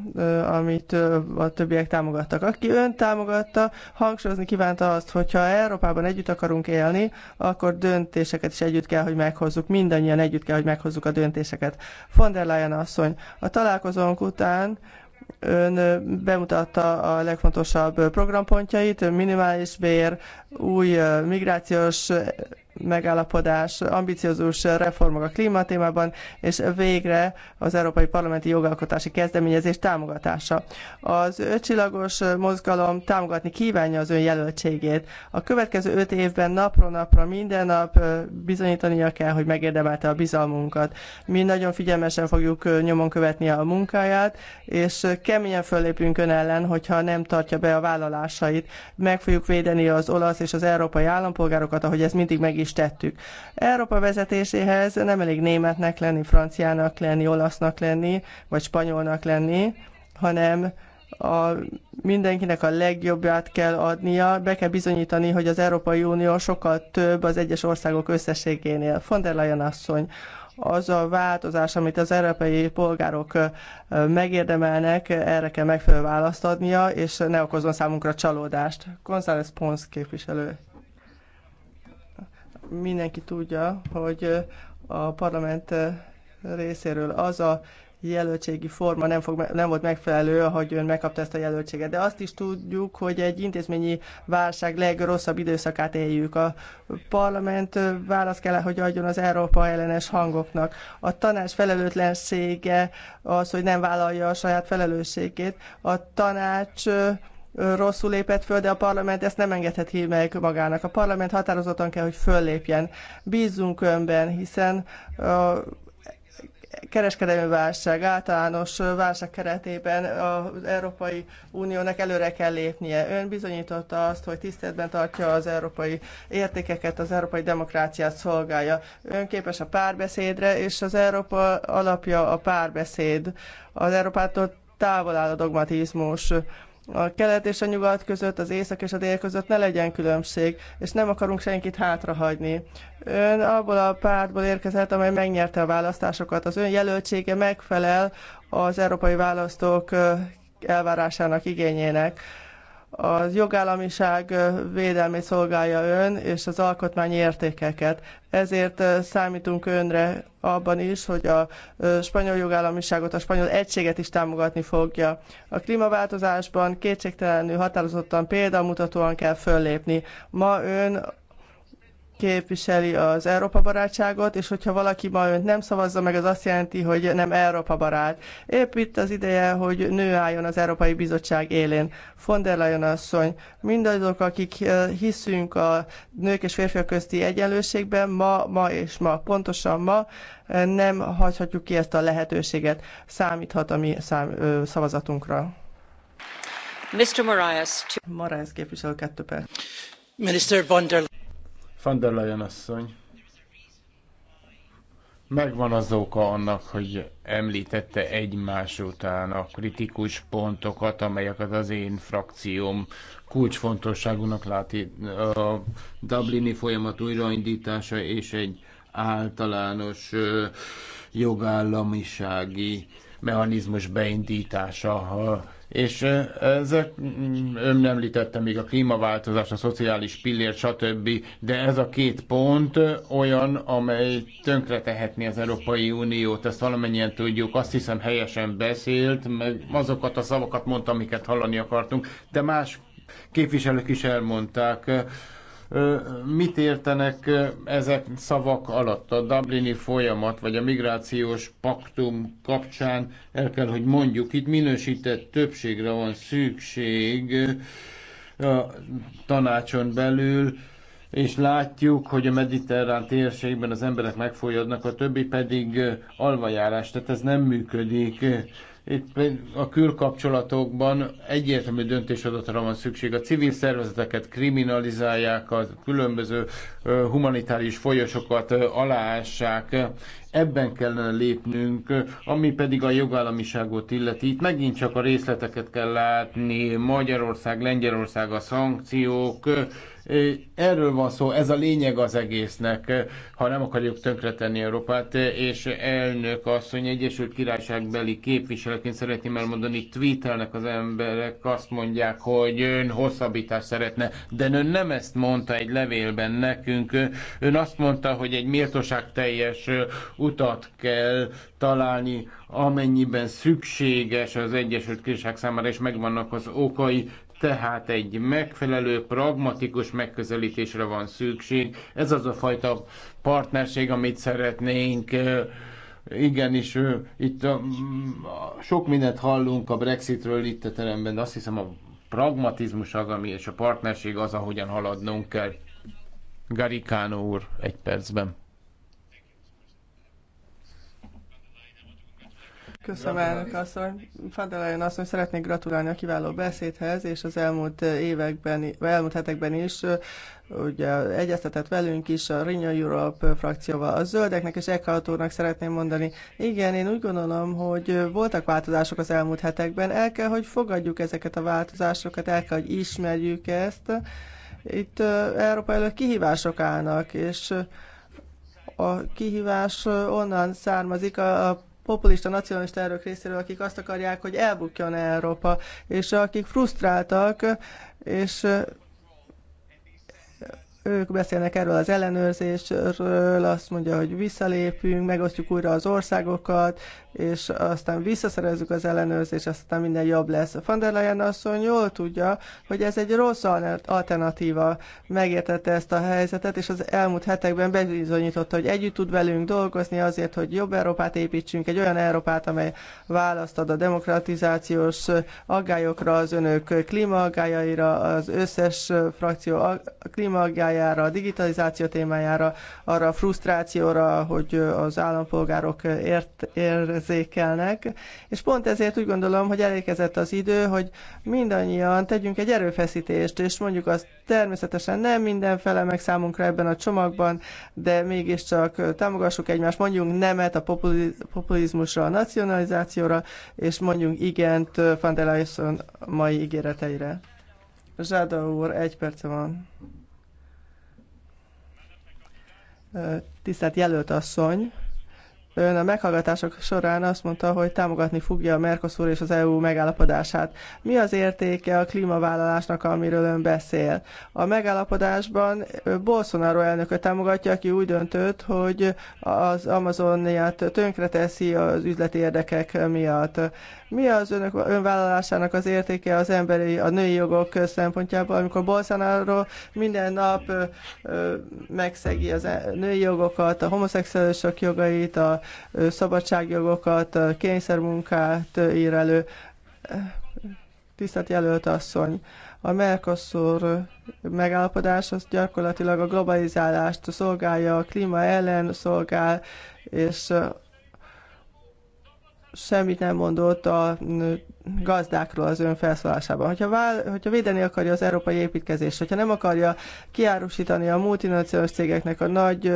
amit a többiek támogattak. Aki ön támogatta, hangsúlyozni kívánta azt, hogyha Európában együtt akarunk élni, akkor döntéseket is együtt kell, hogy meghozzuk. Mindannyian együtt kell, hogy meghozzuk a döntéseket. Von der Leyen asszony, a találkozónk után ön bemutatta a legfontosabb programpontjait, minimális bér, új migrációs megállapodás, ambiciózus reformok a klímatémában, és végre az Európai Parlamenti Jogalkotási Kezdeményezés támogatása. Az ötcsillagos mozgalom támogatni kívánja az ön jelöltségét. A következő öt évben napról napra minden nap bizonyítania kell, hogy megérdemelte a bizalmunkat. Mi nagyon figyelmesen fogjuk nyomon követni a munkáját, és keményen föllépünk ön ellen, hogyha nem tartja be a vállalásait. Meg fogjuk védeni az olasz és és az európai állampolgárokat, ahogy ezt mindig meg is tettük. Európa vezetéséhez nem elég németnek lenni, franciának lenni, olasznak lenni, vagy spanyolnak lenni, hanem a, mindenkinek a legjobbját kell adnia, be kell bizonyítani, hogy az Európai Unió sokkal több az egyes országok összességénél. Von der Leyen asszony, az a változás, amit az európai polgárok megérdemelnek, erre kell megfelelő választ adnia, és ne okozzon számunkra csalódást. González Pons képviselő. Mindenki tudja, hogy a parlament részéről az a jelöltségi forma nem, fog, nem volt megfelelő, ahogy ön megkapta ezt a jelöltséget. De azt is tudjuk, hogy egy intézményi válság legrosszabb időszakát éljük. A parlament választ kell, hogy adjon az Európa ellenes hangoknak. A tanács felelőtlensége az, hogy nem vállalja a saját felelősségét. A tanács rosszul lépett föl, de a parlament ezt nem engedheti meg magának. A parlament határozottan kell, hogy föllépjen. Bízzunk önben, hiszen kereskedelmi válság, általános válság keretében az Európai Uniónak előre kell lépnie. Ön bizonyította azt, hogy tiszteletben tartja az európai értékeket, az európai demokráciát szolgálja. Ön képes a párbeszédre, és az Európa alapja a párbeszéd. Az Európától távol áll a dogmatizmus a kelet és a nyugat között, az észak és a dél között ne legyen különbség, és nem akarunk senkit hátrahagyni. Ön abból a pártból érkezett, amely megnyerte a választásokat. Az ön jelöltsége megfelel az európai választók elvárásának, igényének a jogállamiság védelmét szolgálja ön, és az alkotmányi értékeket. Ezért számítunk önre abban is, hogy a spanyol jogállamiságot, a spanyol egységet is támogatni fogja. A klímaváltozásban kétségtelenül határozottan példamutatóan kell föllépni. Ma ön képviseli az Európa barátságot, és hogyha valaki ma önt nem szavazza meg, az azt jelenti, hogy nem Európa barát. Épp itt az ideje, hogy nő álljon az Európai Bizottság élén. Von der Leyen asszony, mindazok, akik eh, hiszünk a nők és férfiak közti egyenlőségben, ma, ma és ma, pontosan ma, eh, nem hagyhatjuk ki ezt a lehetőséget. Számíthat a mi szám, ö, szavazatunkra. Mr. Moraes, Moraes képviselő, kettő perc. Minister von der van der Leyen asszony. Megvan az oka annak, hogy említette egymás után a kritikus pontokat, amelyeket az én frakcióm kulcsfontosságúnak lát a Dublini folyamat újraindítása és egy általános jogállamisági mechanizmus beindítása. És ezek, ön említette még a klímaváltozás, a szociális pillér, stb., de ez a két pont olyan, amely tönkretehetni az Európai Uniót, ezt valamennyien tudjuk, azt hiszem helyesen beszélt, meg azokat a szavakat mondta, amiket hallani akartunk, de más képviselők is elmondták, Mit értenek ezek szavak alatt? A Dublini folyamat vagy a migrációs paktum kapcsán el kell, hogy mondjuk, itt minősített többségre van szükség a tanácson belül, és látjuk, hogy a mediterrán térségben az emberek megfolyadnak, a többi pedig alvajárás, tehát ez nem működik. Itt a külkapcsolatokban egyértelmű döntéshozatra van szükség. A civil szervezeteket kriminalizálják, a különböző humanitárius folyosokat aláássák. Ebben kellene lépnünk, ami pedig a jogállamiságot illeti. Itt megint csak a részleteket kell látni. Magyarország, Lengyelország, a szankciók, Erről van szó, ez a lényeg az egésznek, ha nem akarjuk tönkretenni Európát, és elnök azt hogy Egyesült Királyságbeli képviselőként szeretném elmondani, tweetelnek az emberek, azt mondják, hogy ön hosszabbítást szeretne, de ön nem ezt mondta egy levélben nekünk, ön azt mondta, hogy egy méltóság teljes utat kell találni, amennyiben szükséges az Egyesült Királyság számára, és megvannak az okai. Tehát egy megfelelő, pragmatikus megközelítésre van szükség. Ez az a fajta partnerség, amit szeretnénk. igen és itt a, sok mindent hallunk a Brexitről itt a teremben, de azt hiszem a pragmatizmus az, ami és a partnerség az, ahogyan haladnunk kell. Garikánó úr, egy percben. Köszönöm, elnök asszony. Fadelajon azt, hogy szeretnék gratulálni a kiváló beszédhez, és az elmúlt években, vagy elmúlt hetekben is ugye egyeztetett velünk is a Renew Europe frakcióval. A zöldeknek és Eckhart szeretném mondani, igen, én úgy gondolom, hogy voltak változások az elmúlt hetekben, el kell, hogy fogadjuk ezeket a változásokat, el kell, hogy ismerjük ezt. Itt Európa előtt kihívások állnak, és a kihívás onnan származik, a populista, nacionalista erők részéről, akik azt akarják, hogy elbukjon Európa, és akik frusztráltak, és ők beszélnek erről az ellenőrzésről, azt mondja, hogy visszalépünk, megosztjuk újra az országokat, és aztán visszaszerezzük az ellenőrzést, aztán minden jobb lesz. Van der Leyen asszony jól tudja, hogy ez egy rossz alternatíva. Megértette ezt a helyzetet, és az elmúlt hetekben bebizonyította, hogy együtt tud velünk dolgozni azért, hogy jobb Európát építsünk, egy olyan Európát, amely választ ad a demokratizációs aggályokra, az önök klímaaggájaira, az összes frakció klímaaggájaira, témájára, a digitalizáció témájára, arra a frusztrációra, hogy az állampolgárok ért, érzékelnek. És pont ezért úgy gondolom, hogy elérkezett az idő, hogy mindannyian tegyünk egy erőfeszítést, és mondjuk azt természetesen nem minden felemek számunkra ebben a csomagban, de mégiscsak támogassuk egymást, mondjunk nemet a populizmusra, a nacionalizációra, és mondjunk igent Van der Leyen mai ígéreteire. Zsáda úr, egy perce van. Tisztelt jelölt asszony, Ön a meghallgatások során azt mondta, hogy támogatni fogja a Mercosur és az EU megállapodását. Mi az értéke a klímavállalásnak, amiről ön beszél? A megállapodásban Bolsonaro elnököt támogatja, aki úgy döntött, hogy az Amazoniát tönkreteszi az üzleti érdekek miatt. Mi az önök önvállalásának az értéke az emberi, a női jogok szempontjából, amikor Bolsonaro minden nap megszegi az e, női jogokat, a homoszexuálisok jogait, a szabadságjogokat, a kényszermunkát ír elő. Tisztelt jelölt asszony, a Mercosur megállapodás az gyakorlatilag a globalizálást szolgálja, a klíma ellen szolgál, és semmit nem mondott a gazdákról az ön felszólásában. Hogyha, vál, hogyha védeni akarja az európai építkezést, hogyha nem akarja kiárusítani a multinacionális cégeknek, a nagy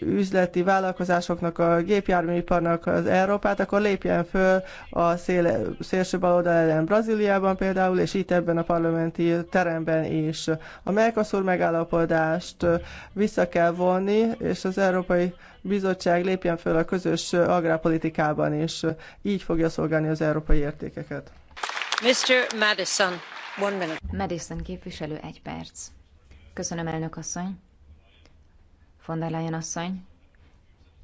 üzleti vállalkozásoknak, a gépjárműiparnak az Európát, akkor lépjen föl a szél, szélső baloldal ellen Brazíliában például, és itt ebben a parlamenti teremben is. A Mercosur megállapodást vissza kell vonni, és az európai bizottság lépjen föl a közös agrárpolitikában, és így fogja szolgálni az európai értékeket. Mr. Madison, one minute. Madison képviselő, egy perc. Köszönöm, elnök asszony. Von der Leyen asszony.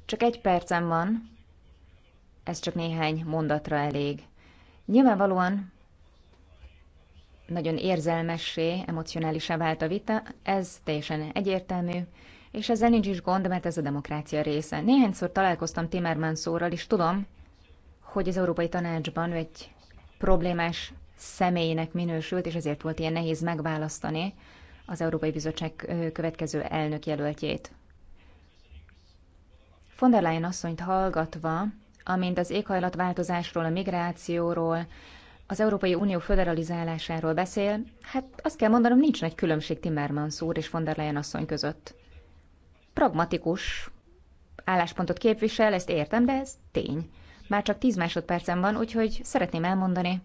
Csak egy percem van, ez csak néhány mondatra elég. Nyilvánvalóan nagyon érzelmessé, emocionálisá vált a vita, ez teljesen egyértelmű, és ezzel nincs is gond, mert ez a demokrácia része. Néhányszor találkoztam Timmermans és tudom, hogy az Európai Tanácsban egy problémás személynek minősült, és ezért volt ilyen nehéz megválasztani az Európai Bizottság következő elnök jelöltjét. Von der Leyen asszonyt hallgatva, amint az éghajlatváltozásról, a migrációról, az Európai Unió föderalizálásáról beszél, hát azt kell mondanom, nincs nagy különbség Timmermans úr és von der Leyen asszony között pragmatikus álláspontot képvisel, ezt értem, de ez tény. Már csak 10 másodpercem van, úgyhogy szeretném elmondani,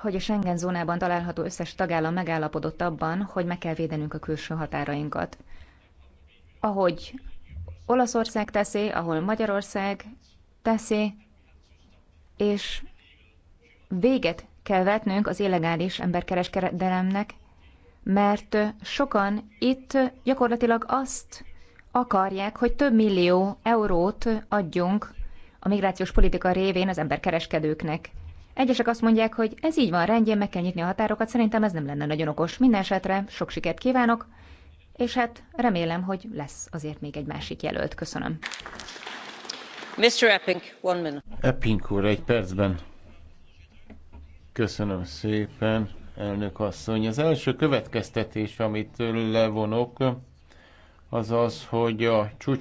hogy a Schengen zónában található összes tagállam megállapodott abban, hogy meg kell védenünk a külső határainkat. Ahogy Olaszország teszi, ahol Magyarország teszi, és véget kell vetnünk az illegális emberkereskedelemnek, mert sokan itt gyakorlatilag azt akarják, hogy több millió eurót adjunk a migrációs politika révén az emberkereskedőknek. Egyesek azt mondják, hogy ez így van, rendjén meg kell nyitni a határokat, szerintem ez nem lenne nagyon okos. Minden esetre sok sikert kívánok, és hát remélem, hogy lesz azért még egy másik jelölt. Köszönöm. Mr. Epping, one minute. Epping úr, egy percben. Köszönöm szépen elnök asszony. Az első következtetés, amit levonok, az az, hogy a csúcs